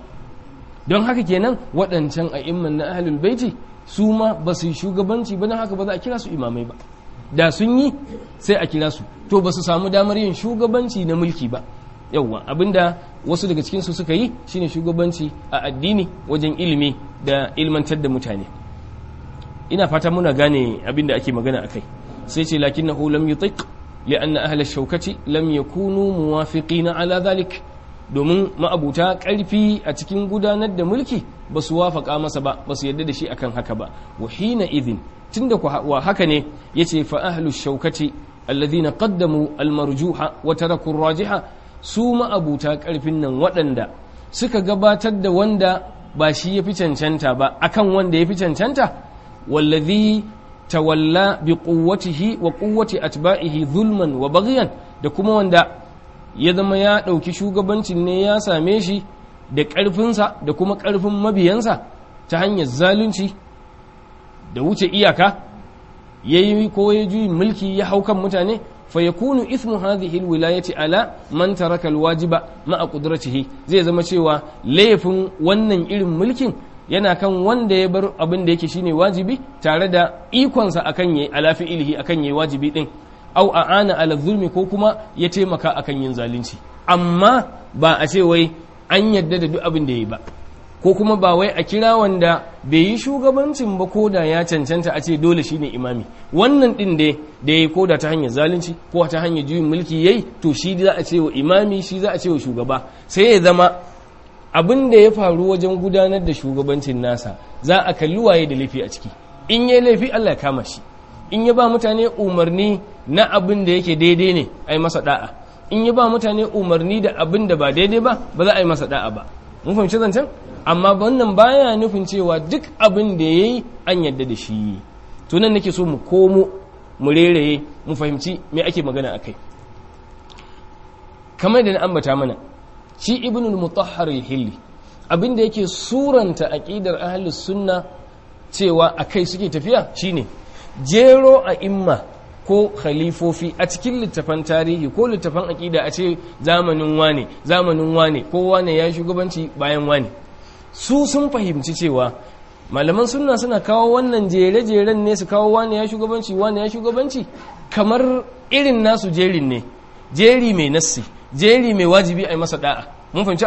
don haka kenan waɗancan a imman na ahlul baiti su ma ba su yi shugabanci ba don haka ba za a kira su imamai ba da sun yi sai a kira su to ba su samu damar yin shugabanci na mulki ba yauwa abinda wasu daga cikin su suka yi shine shugabanci a addini wajen ilimi da ilmantar da mutane ina fata muna gane abinda ake magana akai sai ce lakin na hulam yutiq لأن أهل الشوكة لم يكونوا موافقين على ذلك domin ma'abuta ƙarfi a cikin gudanar da mulki ba su wafaka masa ba ba su yarda da shi akan haka ba wa hina izin. tunda ku wa haka ne yace fa ahlu shaukati na qaddamu almarjuha wa taraku rajiha su ma'abuta ƙarfin nan waɗanda suka gabatar da wanda ba shi ya fi cancanta ba akan wanda ya fi cancanta wallazi tawalla bi quwwatihi wa quwwati atba'ihi zulman wa baghyan da kuma wanda ya zama ya ɗauki shugabancin ne ya same shi da ƙarfinsa da kuma ƙarfin mabiyansa ta hanyar zalunci da wuce iyaka ya yi ko ya juyi mulki ya hau kan mutane fa ya kunu ismu hadhihi alwilayati ala man taraka alwajiba ma'a qudratihi zai zama cewa laifin wannan irin mulkin yana kan wanda ya bar abin da yake shine wajibi tare da ikonsa akan yayi alafi ilahi akan yayi wajibi din au a'ana ala zulmi ko kuma ya taimaka akan yin zalunci amma ba a ce wai an yadda da duk abin da yayi ba ko kuma ba wai a kira wanda bai yi shugabancin ba ko da ya cancanta a ce dole shine imami wannan din da da yayi ko da ta hanyar zalunci ko ta hanyar juyin mulki yayi to shi za a ce wa imami shi za a ce wa shugaba sai ya zama abin da ya faru wajen gudanar da shugabancin nasa za a kalli waye da laifi a ciki in ya laifi Allah ya kama shi in ya ba mutane umarni na abin da yake daidai ne a yi masa da'a in ya ba mutane umarni da abin da ba daidai ba ba za a yi masa da'a ba mun fahimci zancen amma wannan baya nufin cewa duk abin da ya yi an yadda da shi to nan nake so mu komo mu reraye mu fahimci me ake magana a kai? kamar da na ambata mana shi ibn al-mutahhar al-hilli abinda yake suranta aqidar ahli sunna cewa akai suke tafiya shine jero a imma ko khalifofi a cikin littafan tarihi ko littafan aqida a ce zamanin wane zamanin wane ko wane ya shugabanci bayan wane su sun fahimci cewa malaman sunna suna kawo wannan jere-jeren ne su kawo wane ya shugabanci wane ya shugabanci kamar irin nasu jerin ne jeri mai nassi jeri mai wajibi a yi masa da'a mun fahimci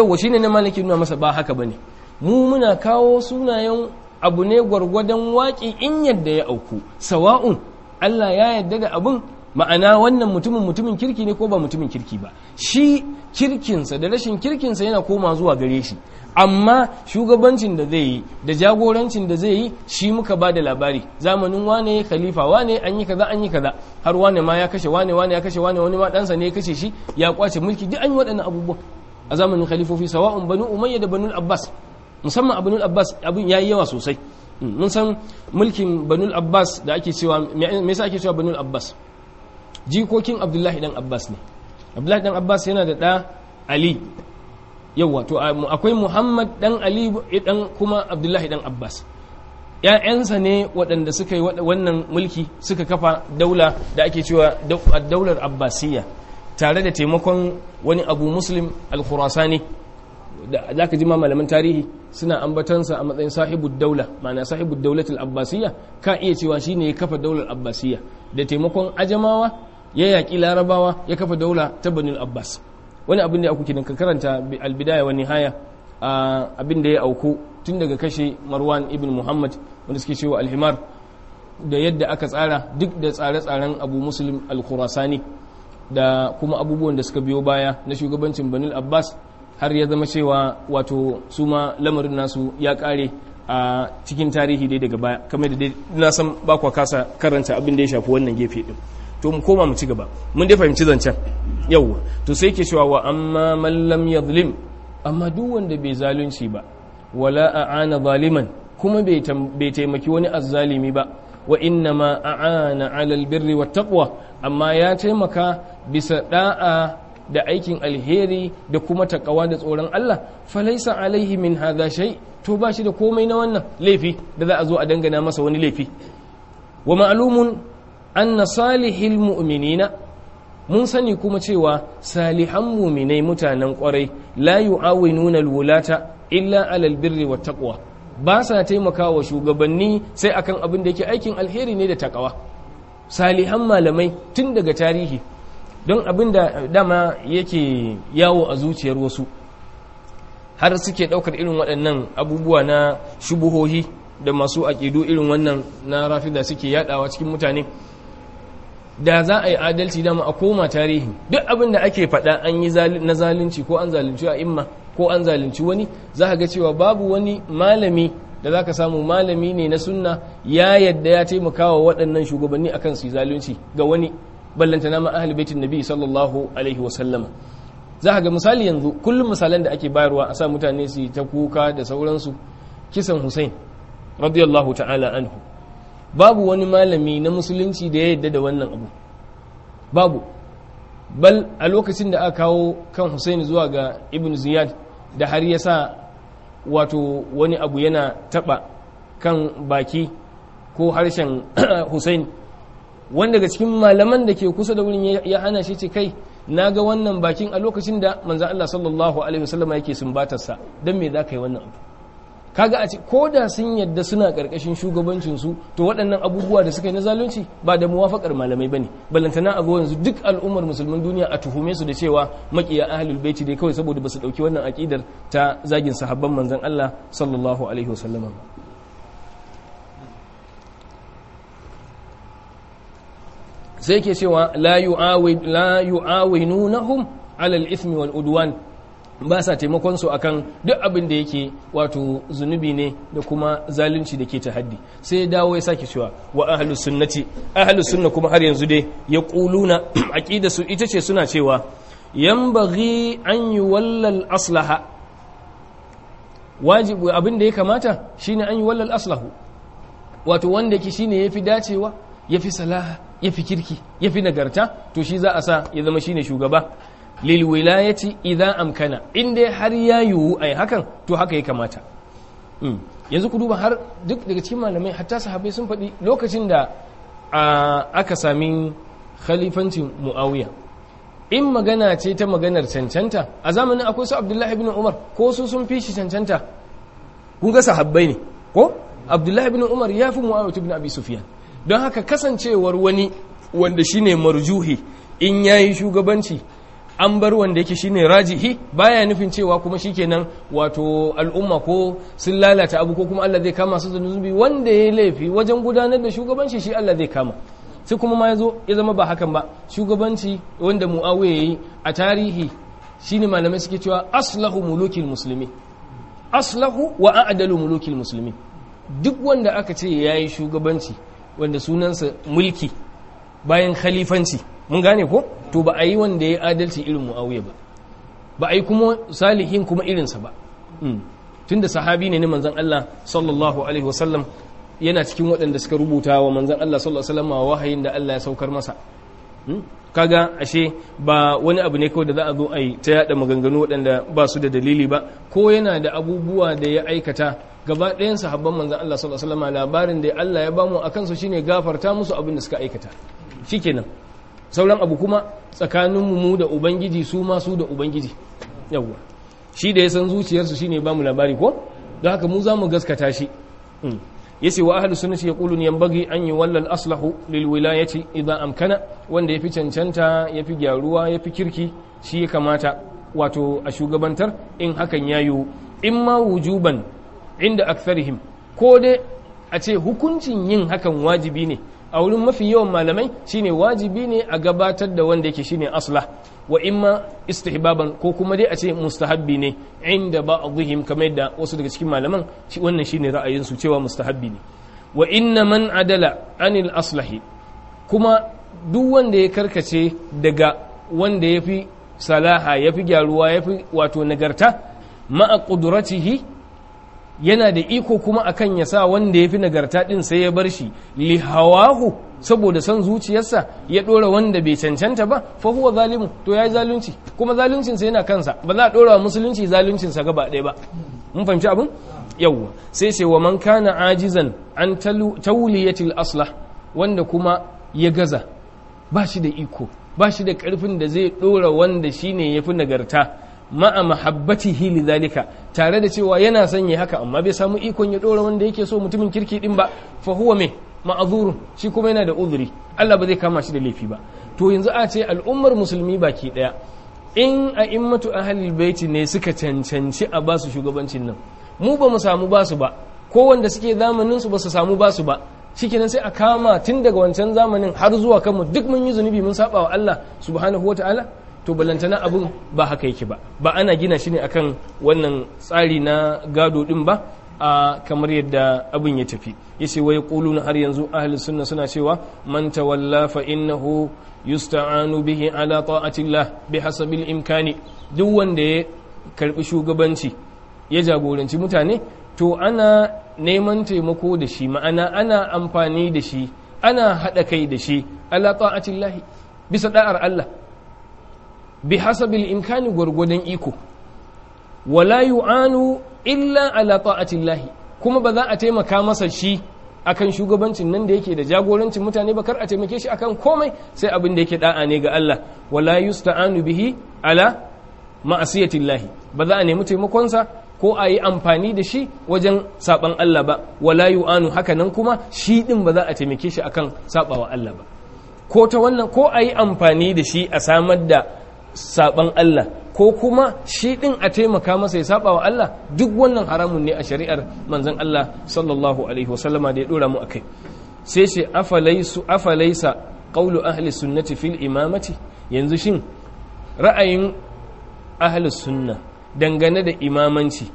wa shi shine na maliki nuna masa ba haka bane mu muna kawo sunayen abu ne gwargwadon waƙi in yadda ya auku sawa'un Allah ya yadda da abun ma'ana wannan mutumin mutumin kirki ne ko ba mutumin kirki ba shi kirkinsa da rashin kirkinsa yana koma zuwa gare shi amma shugabancin da zai yi da jagorancin da zai yi shi muka ba da labari zamanin wane khalifa wane an yi kaza an yi kaza har wane ma ya kashe wane wane ya kashe wane wani ma ɗansa ne ya kashe shi ya kwace mulki duk an yi waɗannan abubuwa a zamanin khalifofi sawa'un banu umayya da banu abbas musamman abu abbas abin ya yi yawa sosai hmm, mun san mulkin banul abbas da ake cewa me yasa ake cewa banul abbas jikokin abdullahi dan abbas ne abdullahi dan abbas yana da ɗa ali yau to akwai muhammad dan ali dan kuma abdullahi dan abbas ‘ya'yansa ne waɗanda suka yi wannan mulki suka kafa daula da ake cewa daular abbasiyya tare da taimakon wani abu muslim al-khurasani da zaka ji malaman tarihi suna ambatansa a matsayin sahibu daula ma'ana sahibu al abbasiyya ka iya cewa shi ne ya kafa daular abbasiyya da taimakon ajamawa ya yaƙi larabawa ya kafa daula ta banil abbas wani abin da aku kenan ka karanta albidaya wani haya abin da ya auku tun daga kashe marwan ibn muhammad wanda suke cewa alhimar da yadda aka tsara duk da tsare-tsaren abu muslim al-khurasani da kuma abubuwan da suka biyo baya na shugabancin banil abbas har ya zama cewa wato su ma lamarin nasu ya kare a cikin tarihi dai daga baya kamar da na san bakwa kasa karanta abin da ya shafi wannan gefe din to mu koma mu ci gaba mun dai fahimci zancen yawwa to sai yake cewa wa amma man lam yadhlim amma duk wanda bai zalunci ba wala a'ana zaliman kuma bai taimaki wani azzalimi ba wa inna ma a'ana 'ala albirri wattaqwa amma ya taimaka bisa da'a da aikin alheri da kuma takawa da tsoron Allah falaisa alaihi min hadha shay to bashi da komai na wannan laifi da za a zo a dangana masa wani laifi wa ma'lumun anna salihil mu'minina mun sani kuma cewa salihan muminai mutanen kwarai la yu'awinuna alwulata illa alal birri wat ba sa taimakawa shugabanni sai akan abin da yake aikin alheri ne da takawa salihan malamai tun daga tarihi don abin da dama yake yawo a zuciyar wasu har suke daukar irin waɗannan abubuwa na shubuhohi da masu aƙidu irin wannan na rafida suke yadawa cikin mutane da za a yi adalci dama a koma tarihi duk abin da ake faɗa an yi na zalunci ko an zalunci a imma ko an zalunci wani za ka ga cewa babu wani malami da za ka samu malami ne na sunna ya yadda ya taimaka wa waɗannan shugabanni akan su zalunci ga wani ballanta na ahli baitin nabi sallallahu alaihi wasallama za ka ga misali yanzu kullum misalan da ake bayarwa a sa mutane su ta kuka da sauransu kisan hussein radiyallahu ta'ala anhu babu wani malami na musulunci da ya yadda da wannan abu babu bal a lokacin da aka kawo kan Hussein zuwa ga Ibn Ziyad da har ya sa wato wani abu yana taba kan baki ko harshen Hussein wanda daga cikin malaman da ke kusa da wurin ya hana shi ce kai na ga wannan bakin a lokacin da manzan Allah sallallahu alaihi wasallama yake sumbatarsa don me za ka yi wannan abu kaga a ce ko da sun yadda suna karkashin shugabancin su to waɗannan abubuwa da suka yi na zalunci ba da muwafakar malamai ba ne balantana a zo yanzu duk al'ummar musulmin duniya a tuhume su da cewa maƙiya ahlul baiti dai kawai saboda basu dauki wannan aƙidar ta zagin sahabban manzon Allah sallallahu alaihi wasallam sai ke cewa la yu'awinunahum ala alal ithmi wal udwan ba sa taimakon su akan duk abin da yake wato zunubi ne da kuma zalunci da ke ta haddi sai ya dawo ya sake cewa wa ahlus sunnati ahlus sunna kuma har yanzu dai ya quluna aqida su ita ce suna cewa yanbaghi an yi wallal aslaha wajibu abin da ya kamata shine an yi wallal aslahu wato wanda yake shine yafi dacewa yafi salaha yafi kirki yafi nagarta to shi za a sa ya zama shine shugaba lilwilayati idan amkana in dai har ya yiwu a hakan to haka ya kamata hmm. yanzu ku duba har duk daga cikin malamai hatta sahabai sun faɗi lokacin da aka sami khalifancin mu'awiya in magana ce ta maganar cancanta a zamanin akwai su abdullahi ibn umar ko su sun fi shi cancanta kun ga sahabbai ne ko abdullahi ibn umar ya fi mu'awiya ibn abi sufyan don haka kasancewar wani wanda shine marjuhi in yayi shugabanci an bar wanda yake shine rajihi baya nufin cewa kuma shikenan wato al'umma ko sun lalata abu ko kuma Allah zai kama su da zunubi wanda ya laifi wajen gudanar da shugabanci shi Allah zai kama sai kuma ma yazo ya zama ba hakan ba shugabanci wanda Muawiya yayi a tarihi shine malamai suke cewa aslahu mulukil muslimin aslahu wa a'dalu mulukil muslimin duk wanda aka ce yayi shugabanci wanda sunansa mulki bayan khalifanci mun gane ko to ba a yi wanda ya adalci irin muawiya ba ba a yi kuma salihin kuma irinsa ba hmm. tunda sahabi ne ne manzan Allah sallallahu alaihi wasallam yana cikin waɗanda suka rubuta wa manzan Allah sallallahu alaihi wasallam wahayin da Allah ya saukar masa hmm. kaga ashe ba wani abu ne kawai da za a zo a yi ta yada maganganu waɗanda ba su da dalili ba ko yana da abubuwa da ya aikata gaba ɗayan sahabban manzan Allah sallallahu alaihi wasallam labarin da Allah ya bamu akan su shine gafarta musu abin da suka aikata shi shikenan sauran abu kuma tsakanin mu da ubangiji su masu da ubangiji yawwa shi da ya san zuciyarsu shine ba mu labari ko don haka mu za mu gaskata shi hmm. yace wa ahlus sunnati yaqulun yanbaghi an yuwalla al-aslahu lil ce idha amkana wanda ya fi cancanta yafi gyaruwa yafi kirki shi ya kamata wato a shugabantar in hakan ya yiwu in ma wujuban inda aktharihim ko dai a ce hukuncin yin hakan wajibi ne a wurin mafi yawan malamai shine wajibi ne a gabatar da wanda yake shine aslah wa imma istihbaban ko kuma dai a ce mustahabbi ne inda ba ba'dihim kamar da wasu daga cikin malaman shi wannan shine ra'ayin su cewa mustahabbi ne wa inna man adala anil aslahi kuma duk wanda ya karkace daga wanda yafi salaha yafi gyaruwa yafi wato nagarta ma'a qudratihi yana da iko kuma akan ya sa wanda ya fi nagarta ɗin sai ya bar shi li hawahu saboda son zuciyarsa ya ɗora wanda bai cancanta ba fa huwa zalimu to yayi zalunci kuma zaluncinsa yana kansa ba za a ɗora musulunci zaluncinsa gaba ɗaya ba mun fahimci abin yawwa sai ce wa man kana ajizan an tawliyatil aslah wanda kuma ya gaza ba shi da iko ba shi da ƙarfin da zai ɗora wanda shine ya fi nagarta ma'a mahabbatihi lidhalika tare da cewa yana son yi haka amma bai samu ikon ya dora wanda yake so mutumin kirki din ba fa huwa me ma'azuru shi kuma yana da uzuri Allah ba zai kama shi da laifi ba to yanzu a ce al'ummar musulmi baki daya in a immatu ahlul baiti ne suka cancanci a basu shugabancin nan mu ba mu samu basu ba ko wanda suke zamanin su ba su samu basu ba shikenan sai a kama tun daga wancan zamanin har zuwa kanmu duk mun yi zunubi mun saba wa Allah subhanahu wataala to balantana abun ba haka yake ba ba ana gina shi ne akan wannan tsari na gado din ba a kamar yadda abin ya tafi yace wai quluna har yanzu ahli sunna suna cewa man tawalla fa innahu yusta'anu bihi ala ta'atillah bihasabil imkani duk wanda ya karbi shugabanci ya jagoranci mutane to ana neman taimako da shi ma'ana ana amfani da shi ana haɗa kai da shi ala ta'atillahi bisa da'ar Allah bi hasabil imkani gwargwadon iko wala yu'anu illa ala ta'atillahi kuma ba za a taimaka masa shi akan shugabancin nan da yake da jagorancin mutane ba kar a taimake shi akan komai sai abin da yake da'a ne ga Allah wala yusta'anu bihi ala ma'asiyatillahi ba za a nemi taimakonsa ko a yi amfani da shi wajen saban Allah ba wala yu'anu haka nan kuma shi din ba za a taimake shi akan sabawa Allah ba ko ta wannan ko a yi amfani da shi a samar da saban Allah ko kuma shi ɗin a taimaka masa ya saba wa Allah duk wannan haramun ne a shari'ar manzon Allah sallallahu alaihi wasallama da ya dora mu akai sai ce afalaisu afalaisa qawlu ahli sunnati fil imamati yanzu shin ra'ayin ahli sunna dangane da imamanci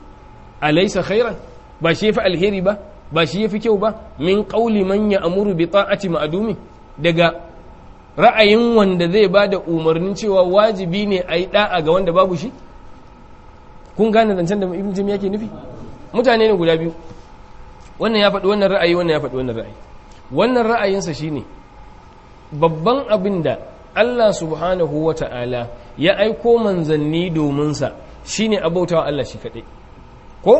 alaisa khairan ba shi yafi alheri ba ba shi yafi kyau ba min qawli man ya'muru bi ta'ati ma'dumi daga ra'ayin wanda zai ba da umarnin cewa wajibi ne a yi ɗa'a ga wanda babu shi kun gane zancen da ibn jami'a ke nufi mutane ne guda biyu wannan ya faɗi wannan ra'ayi wannan ya faɗi wannan ra'ayi wannan ra'ayinsa shi ne. babban abin da Allah subhanahu wa ta'ala ya aiko manzanni dominsa shi ne abautawa Allah shi kaɗai ko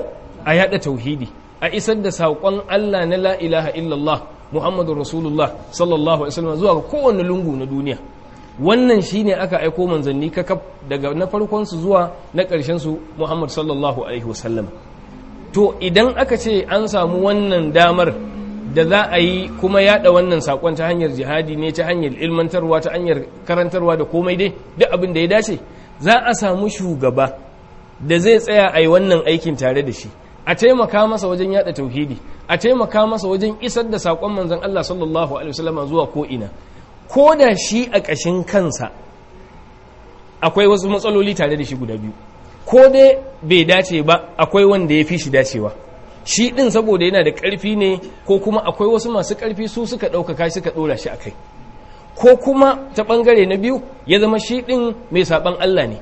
a yaɗa tauhidi a isar da saƙon Allah na la ilaha illallah muhammadu rasulullah sallallahu alaihi wasallam zuwa ga kowane lungu na duniya wannan shine aka aiko manzanni kakaf daga na farkon su zuwa na ƙarshensu su muhammadu sallallahu alaihi wasallam to idan aka ce an samu wannan damar da za a yi kuma yada wannan sakon ta hanyar jihadi ne ta hanyar ilmantarwa ta hanyar karantarwa da komai dai duk abin da ya dace za a samu shugaba da zai tsaya a yi wannan aikin tare da shi a taimaka masa wajen yada tauhidi a taimaka masa wajen isar da saƙon manzan Allah sallallahu alaihi wasallam zuwa ko'ina, ko da shi a ƙashin kansa akwai wasu matsaloli tare da shi guda biyu ko dai bai dace ba akwai wanda ya fi shi dacewa shi ɗin saboda yana da ƙarfi ne ko kuma akwai wasu masu ƙarfi su suka ɗaukaka suka ɗora shi a kai ko kuma ta ɓangare na biyu ya zama shi ɗin mai saɓan Allah ne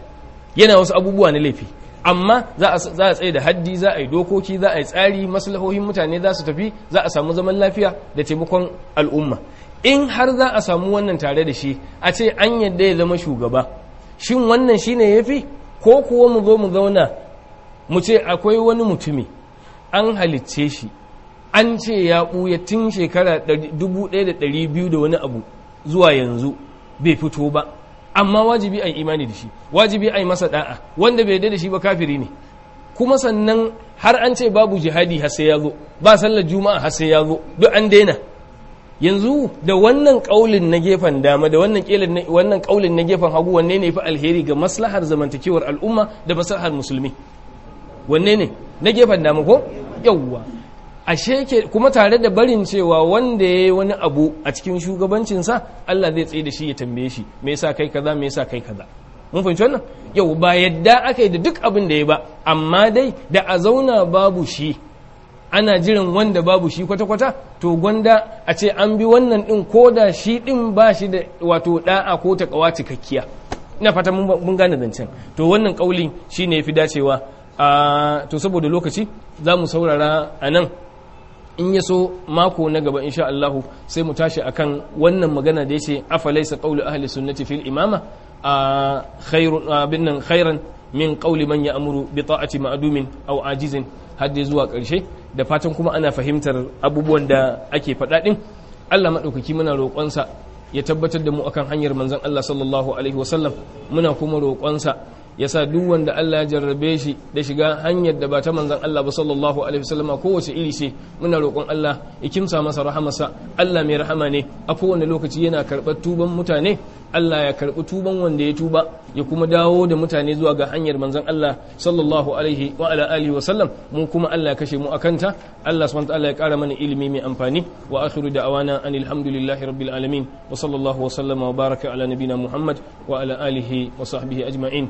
yana wasu abubuwa na laifi amma za a tsaye da haddi za a yi dokoki za a yi tsari maslahohin mutane za su tafi za a samu zaman lafiya da taimakon al'umma in har za a samu wannan tare da shi a ce an yadda ya zama shugaba shin wannan shine ya fi ko kuwa mu zo mu zauna mu ce akwai wani mutumi an halicce shi an ce ya ɓuya tun shekara 1200 da wani abu zuwa yanzu bai fito ba amma wajibi a imani da shi wajibi a yi masa da'a wanda bai yadda da shi ba kafiri ne kuma sannan har an ce babu jihadi har sai ya zo ba sallar juma'a har sai ya zo duk an daina yanzu da wannan kaulin na gefen dama da wannan kelin wannan kaulin na gefen hagu wanne ne fi alheri ga maslahar zamantakewar al'umma da maslahar musulmi wanne ne na gefen dama ko yawwa ashe ke kuma tare da barin cewa wanda ya yi wani abu a cikin shugabancinsa Allah zai tsaye da shi ya tambaye shi me yasa kai kaza me yasa kai kaza mun fahimci wannan yau ba yadda aka yi da duk abin da ya ba amma dai da a zauna babu shi ana jiran wanda babu shi kwata-kwata to gwanda a ce an bi wannan din ko da shi din ba shi da wato da'a ko ta kawa cikakkiya ina fata mun gane zancen to wannan kauli shine fi dacewa ah, to saboda lokaci za mu saurara a nan in ya so mako na gaba insha Allah sai mu tashi akan wannan magana da yace afalaisa qawlu ahli sunnati fil imama a khairun binnan khairan min qawli man ya'muru bi ta'ati ma'dumin aw ajizin hadde zuwa karshe da fatan kuma ana fahimtar abubuwan da ake faɗa din Allah madaukaki muna roƙonsa ya tabbatar da mu akan hanyar manzon Allah sallallahu alaihi wasallam muna kuma roƙonsa yasa duk wanda Allah ya jarrabe shi da shiga hanyar da ba ta manzon Allah ba sallallahu alaihi wasallam kowace iri ce muna roƙon Allah ya kimsa masa rahamarsa Allah mai rahama ne a kowane lokaci yana karɓar tuban mutane Allah ya karɓi tuban wanda ya tuba ya kuma dawo da mutane zuwa ga hanyar manzon Allah sallallahu alaihi wa ala alihi wa sallam mu kuma Allah ya kashe mu akanta Allah subhanahu wa ta'ala ya ƙara mana ilimi mai amfani wa akhiru da'awana anil hamdulillahi rabbil alamin wa sallallahu wa sallama wa baraka ala nabina Muhammad wa ala alihi wa sahbihi ajma'in